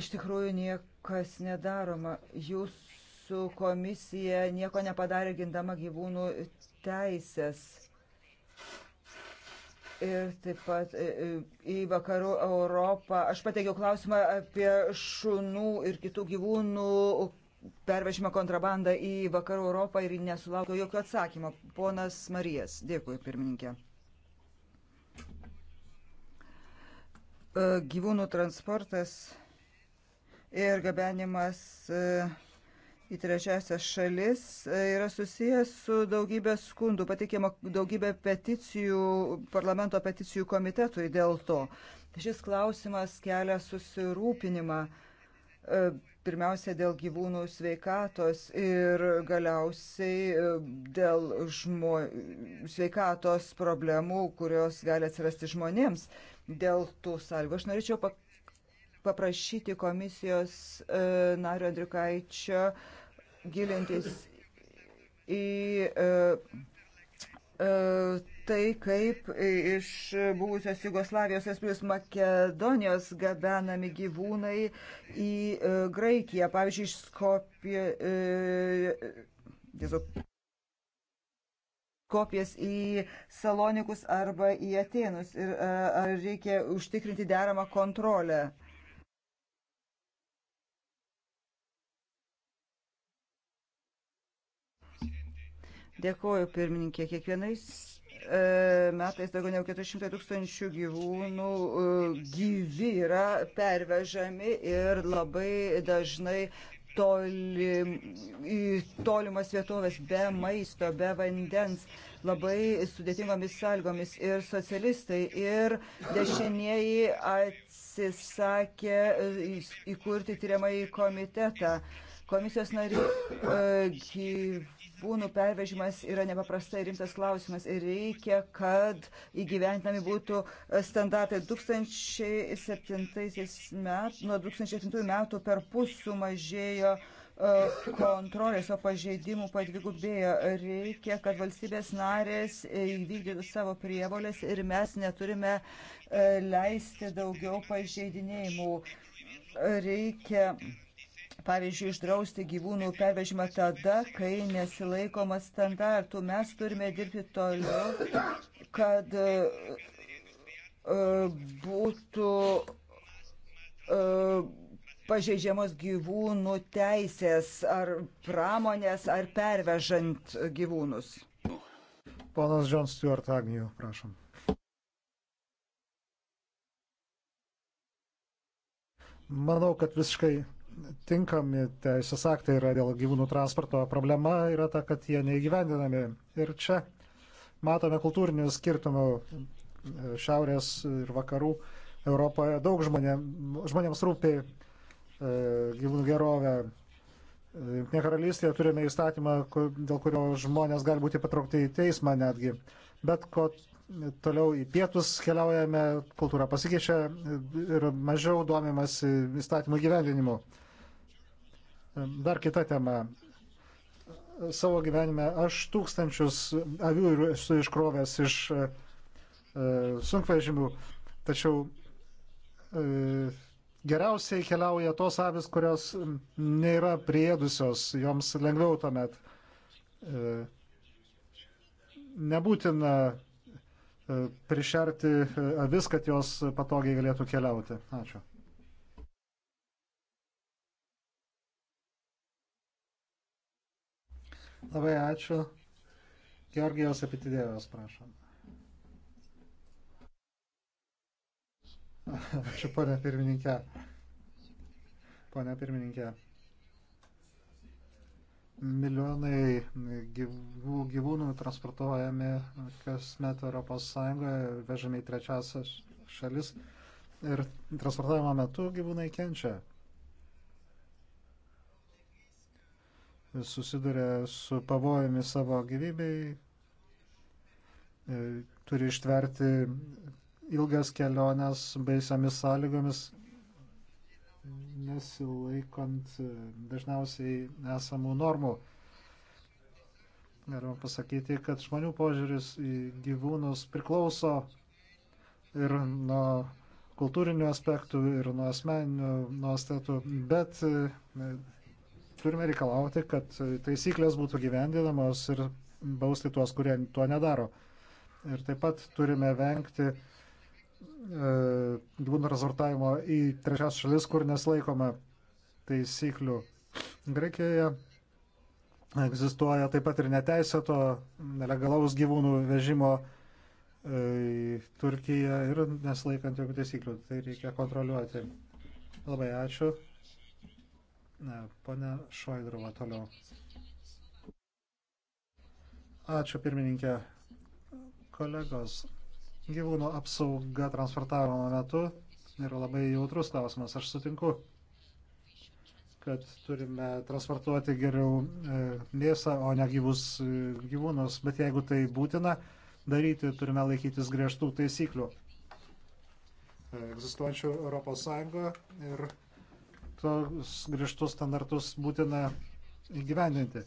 iš tikrųjų niekas nedaroma. Jūsų komisija nieko nepadarė gindama gyvūnų teisės. Ir taip pat e, į vakarų Europą. Aš pateikiau klausimą apie šunų ir kitų gyvūnų pervežimą kontrabandą į Vakarų Europą ir nesulaukiau jokio atsakymo. Ponas Marijas, dėkui pirmininkė. E, gyvūnų transportas ir gabenimas e, į trečiasias šalis e, yra susijęs su daugybė skundų, patikėma daugybė peticijų, parlamento peticijų komitetui dėl to. Šis klausimas kelia susirūpinimą pirmiausia dėl gyvūnų sveikatos ir galiausiai e, dėl žmo, sveikatos problemų, kurios gali atsirasti žmonėms dėl tų sąlygų. Aš norėčiau paprašyti komisijos e, nario Andriukaičio gilintis į e, E, tai, kaip iš buvusios Jugoslavijos Respublikos Makedonijos gabenami gyvūnai į e, Graikiją, pavyzdžiui, iš Skopje. E, Jezu, kopijas į Salonikus arba į Atenus ir ar reikia užtikrinti deramą kontrolę. Dėkoju, pirmininkė. Kiekvienais e, metais daugiau negu 400 tūkstančių gyvūnų e, gyvi yra pervežami ir labai dažnai toli, į tolimas vietovės be maisto, be vandens, labai sudėtingomis sąlygomis ir socialistai, ir dešinieji atsisakė e, įkurti tyriamąjį komitetą. Komisijos nariai gyvūnų pervežimas yra nepaprastai rimtas klausimas ir reikia, kad įgyventinami būtų e, standartai. 2007 met, nuo 2007 metų per pus sumažėjo e, kontrolės, o pažeidimų padvigubėjo. Reikia, kad valstybės narės įvykdytų savo prievolės ir mes neturime e, leisti daugiau pažeidinėjimų. Reikia pavyzdžiui, išdrausti gyvūnų pervežimą tada, kai nesilaikoma standartų. Mes turime dirbti toliau, kad e, e, būtų e, pažeidžiamos gyvūnų teisės ar pramonės, ar pervežant gyvūnus. Ponas John Stuart Agnew, prašom. Manau, kad visiškai tinkami teisės aktai yra dėl gyvūnų transporto. Problema yra ta, kad jie neįgyvendinami. Ir čia matome kultūrinių skirtumų e, šiaurės ir vakarų Europoje. Daug žmonė, žmonėms rūpi e, gyvūnų gerovė. Junktinė karalystėje turime įstatymą, dėl kurio žmonės gali būti patraukti į teismą netgi. Bet ko toliau į pietus keliaujame, kultūra pasikeičia ir mažiau duomimas įstatymų gyvendinimu. Dar kita tema. Savo gyvenime aš tūkstančius avių esu iškrovęs iš e, e, sunkvežimių, tačiau e, geriausiai keliauja tos avis, kurios nėra priedusios, joms lengviau tuomet. E, nebūtina e, prišerti e, avis, kad jos patogiai galėtų keliauti. Ačiū. Labai ačiū. Georgijos Epitidėjos, prašom. Ačiū, ponia pirmininkė. Ponia pirmininkė. Milijonai gyvų, gyvūnų transportuojami kasmet Europos Sąjungoje, vežami į trečiasias šalis ir transportavimo metu gyvūnai kenčia. susiduria su pavojami savo gyvybei, e, turi ištverti ilgas keliones baisiamis sąlygomis, nesilaikant e, dažniausiai esamų normų. Galima pasakyti, kad žmonių požiūris į gyvūnus priklauso ir nuo kultūrinių aspektų, ir nuo asmeninių nuostatų, bet e, turime reikalauti, kad taisyklės būtų gyvendinamos ir bausti tuos, kurie to nedaro. Ir taip pat turime vengti e, gyvūnų razvartavimo į trečias šalis, kur neslaikoma taisyklių. Greikijoje egzistuoja taip pat ir neteisėto nelegalaus gyvūnų vežimo e, į Turkiją ir neslaikant jokių taisyklių. Tai reikia kontroliuoti. Labai ačiū. Pone Šoidrova toliau. Ačiū pirmininkė. Kolegos, gyvūnų apsauga transportavimo metu yra labai jautrus klausimas. Aš sutinku, kad turime transportuoti geriau e, mėsą, o ne gyvus e, gyvūnus. Bet jeigu tai būtina daryti, turime laikytis griežtų taisyklių e, egzistuojančių Europos Sąjungoje ir tos grįžtus standartus būtina įgyvendinti.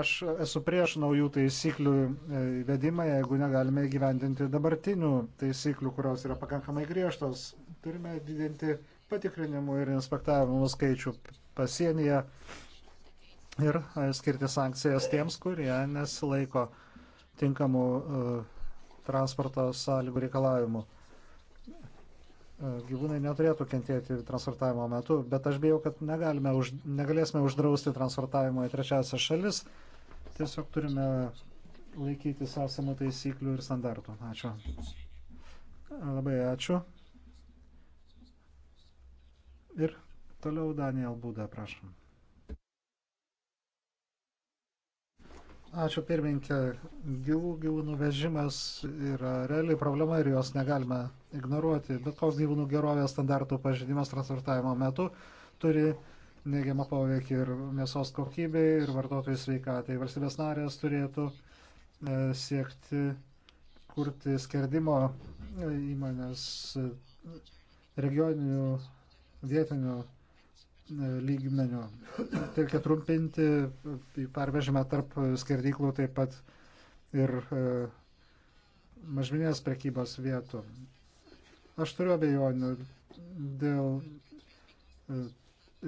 Aš esu prieš naujų taisyklių e, vedimą, jeigu negalime įgyvendinti dabartinių taisyklių, kurios yra pakankamai griežtos. Turime didinti patikrinimų ir inspektavimų skaičių pasienyje ir e, skirti sankcijas tiems, kurie nesilaiko tinkamų e, transporto sąlygų reikalavimų. E, gyvūnai neturėtų kentėti transportavimo metu, bet aš bijau, kad negalime, už, negalėsime uždrausti transportavimo į trečiasias šalis. Tiesiog turime laikytis esamų taisyklių ir standartų. Ačiū. Labai ačiū. Ir toliau Daniel Būda, prašom. Ačiū pirminkė. Gyvų gyvūnų vežimas yra reali problema ir jos negalime ignoruoti. Bet koks gyvūnų gerovės standartų pažydimas transportavimo metu turi neigiamą poveikį ir mėsos kokybei, ir vartotojų sveikatai. Valstybės narės turėtų e, siekti kurti skerdimo e, įmonės e, regioninių vietinių lygmenių. Reikia trumpinti pervežimą tarp skerdyklų taip pat ir e, mažminės prekybos vietų. Aš turiu abejonių dėl e,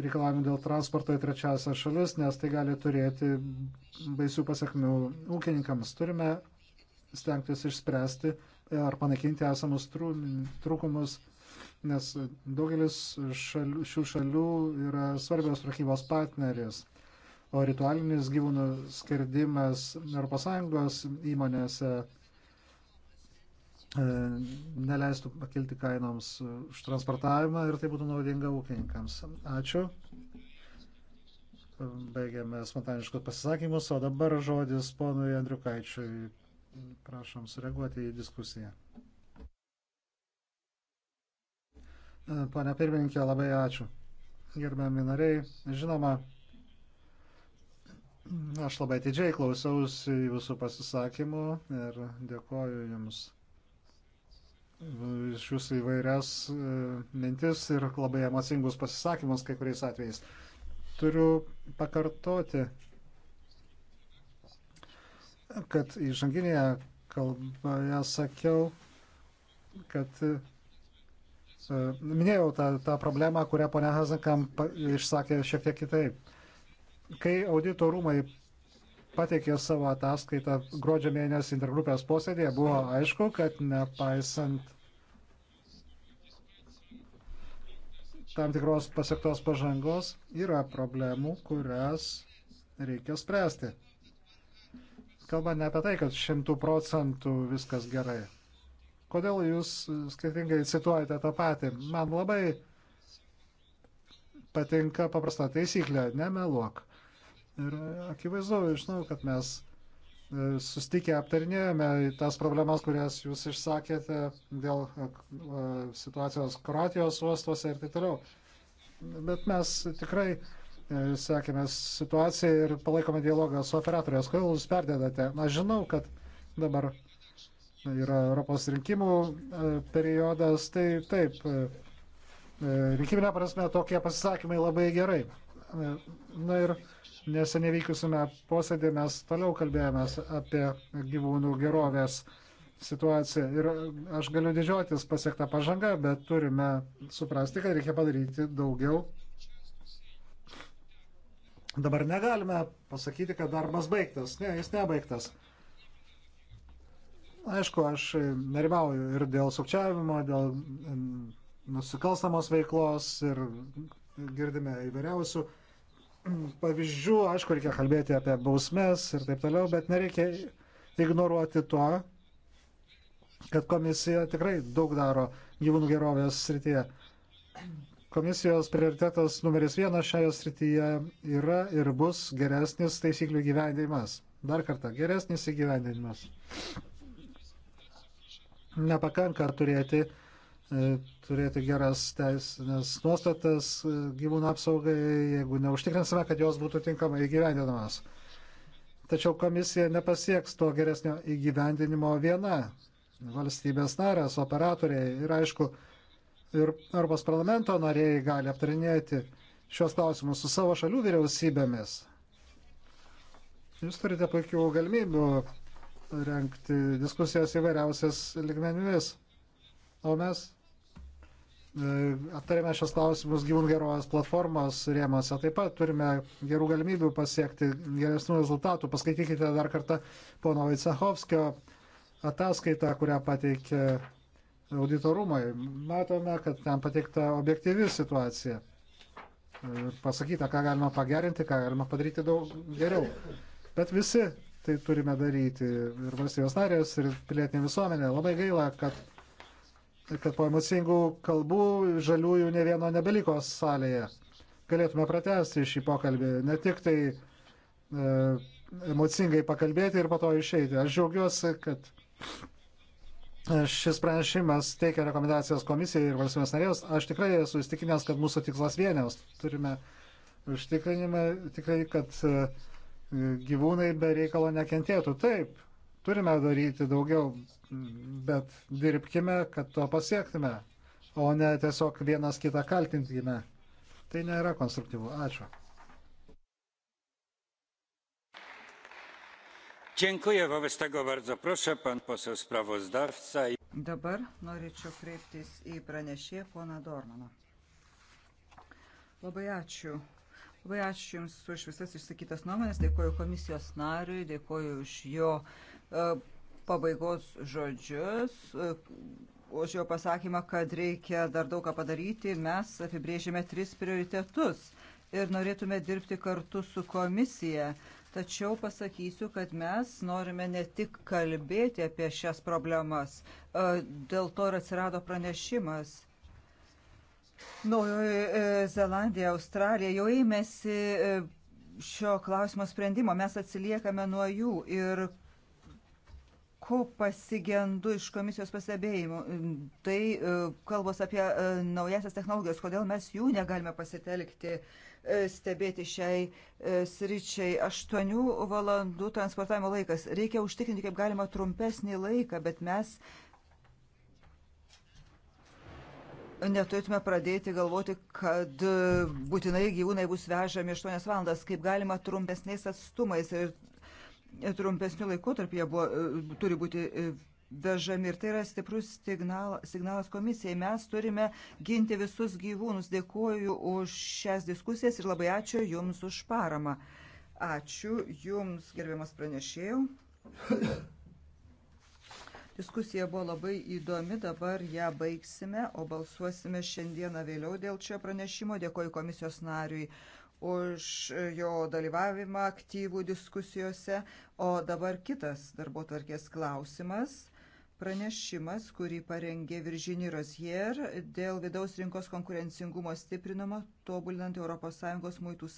reikalavimų dėl transporto į trečiasią šalis, nes tai gali turėti baisių pasiekmių ūkininkams. Turime stengtis išspręsti ar panaikinti esamus trūkumus. Tru, nes daugelis šalių, šių šalių yra svarbios prekybos partnerės. O ritualinis gyvūnų skerdimas ES įmonėse e, neleistų pakilti kainoms už transportavimą ir tai būtų naudinga ūkininkams. Ačiū. Baigiame spontaniškus pasisakymus, o dabar žodis ponui Andriukaičiui. Prašom sureaguoti į diskusiją. Pane pirmininkė, labai ačiū. Gerbiami nariai, žinoma, aš labai didžiai klausiausi jūsų pasisakymų ir dėkoju jums iš jūsų įvairias e, mintis ir labai emocingus pasisakymus kai kuriais atvejais. Turiu pakartoti, kad įžanginėje kalboje sakiau, kad E, minėjau tą, tą problemą, kurią ponia Hazankam išsakė šiek tiek kitaip. Kai audito rūmai pateikė savo ataskaitą gruodžio mėnesį intergrupės posėdėje, buvo aišku, kad nepaisant tam tikros pasiektos pažangos yra problemų, kurias reikia spręsti. Kalba ne apie tai, kad šimtų procentų viskas gerai. Kodėl jūs skirtingai cituojate tą patį? Man labai patinka paprasta taisyklė - nemeluok. Ir akivaizdu, žinau, kad mes e, sustikę aptarinėjome tas problemas, kurias jūs išsakėte dėl e, situacijos Kroatijos uostuose ir taip toliau. Bet mes tikrai e, sekėme situaciją ir palaikome dialogą su operatoriais. Kodėl jūs perdedate? Aš žinau, kad dabar yra Europos rinkimų e, periodas, tai taip, e, e, rinkiminė prasme tokie pasisakymai labai gerai. Na ir neseniai vykusime posėdį mes toliau kalbėjomės apie gyvūnų gerovės situaciją. Ir aš galiu didžiuotis pasiektą pažangą, bet turime suprasti, kad reikia padaryti daugiau. Dabar negalime pasakyti, kad darbas baigtas. Ne, jis nebaigtas Aišku, aš nerimauju ir dėl sukčiavimo, dėl nusikalstamos veiklos ir girdime įvairiausių pavyzdžių. Aišku, reikia kalbėti apie bausmes ir taip toliau, bet nereikia ignoruoti to, kad komisija tikrai daug daro gyvūnų gerovės srityje. Komisijos prioritetas numeris vienas šioje srityje yra ir bus geresnis taisyklių gyvendimas. Dar kartą, geresnis įgyvendinimas nepakanka turėti, e, turėti geras teisinės nuostatas e, gyvūnų apsaugai, jeigu neužtikrinsime, kad jos būtų tinkamai įgyvendinamas. Tačiau komisija nepasieks to geresnio įgyvendinimo viena. Valstybės narės, operatoriai ir aišku, ir Europos parlamento nariai gali aptarinėti šios klausimus su savo šalių vyriausybėmis. Jūs turite puikių galimybių renkti diskusijas įvairiausias ligmenimis. O mes e, aptarėme šios klausimus gyvūnų gerovės platformos rėmose. Taip pat turime gerų galimybių pasiekti geresnių rezultatų. Paskaitykite dar kartą pono Vaicehovskio ataskaitą, kurią pateikė auditorumai. Matome, kad ten pateikta objektyvi situacija. E, pasakyta, ką galima pagerinti, ką galima padaryti daug geriau. Bet visi tai turime daryti ir valstybės narės, ir pilietinė visuomenė. Labai gaila, kad, kad po emocingų kalbų žaliųjų ne vieno nebeliko salėje. Galėtume pratesti šį pokalbį, ne tik tai e, emocingai pakalbėti ir po to išeiti. Aš džiaugiuosi, kad e, šis pranešimas teikia rekomendacijas komisijai ir valstybės narės. Aš tikrai esu įstikinęs, kad mūsų tikslas vienas. Turime užtikrinimą tikrai, kad e, gyvūnai be reikalo nekentėtų. Taip, turime daryti daugiau, bet dirbkime, kad to pasiektume, o ne tiesiog vienas kitą kaltintume. Tai nėra konstruktyvu. Ačiū. Dziękuję. Wobec tego bardzo proszę, pan poseł sprawozdawca. Dabar norėčiau kreiptis į pranešėją poną Dormaną. Labai ačiū Labai ačiū Jums už visas išsakytas nuomonės, dėkoju komisijos nariui, dėkoju už jo e, pabaigos žodžius, e, už jo pasakymą, kad reikia dar daug ką padaryti. Mes apibrėžėme tris prioritetus ir norėtume dirbti kartu su komisija. Tačiau pasakysiu, kad mes norime ne tik kalbėti apie šias problemas, e, dėl to ir atsirado pranešimas. Naujoji e, Zelandija, Australija jau ėmėsi e, šio klausimo sprendimo. Mes atsiliekame nuo jų ir ko pasigendu iš komisijos pastebėjimų. Tai e, kalbos apie naujasias technologijas, kodėl mes jų negalime pasitelkti stebėti šiai sričiai. Aštuonių valandų transportavimo laikas. Reikia užtikrinti kaip galima trumpesnį laiką, bet mes neturėtume pradėti galvoti, kad e, būtinai gyvūnai bus vežami 8 valandas, kaip galima trumpesniais atstumais ir e, trumpesniu laikotarpiu jie buvo, e, turi būti vežami. Ir tai yra stiprus signal, signalas komisijai. Mes turime ginti visus gyvūnus. Dėkuoju už šias diskusijas ir labai ačiū Jums už paramą. Ačiū Jums, gerbiamas pranešėjau. Diskusija buvo labai įdomi, dabar ją baigsime, o balsuosime šiandieną vėliau dėl šio pranešimo. Dėkoju komisijos nariui už jo dalyvavimą aktyvų diskusijose. O dabar kitas darbo tvarkės klausimas. Pranešimas, kurį parengė Viržini Rozier dėl vidaus rinkos konkurencingumo stiprinimo, tobulinant ES muitų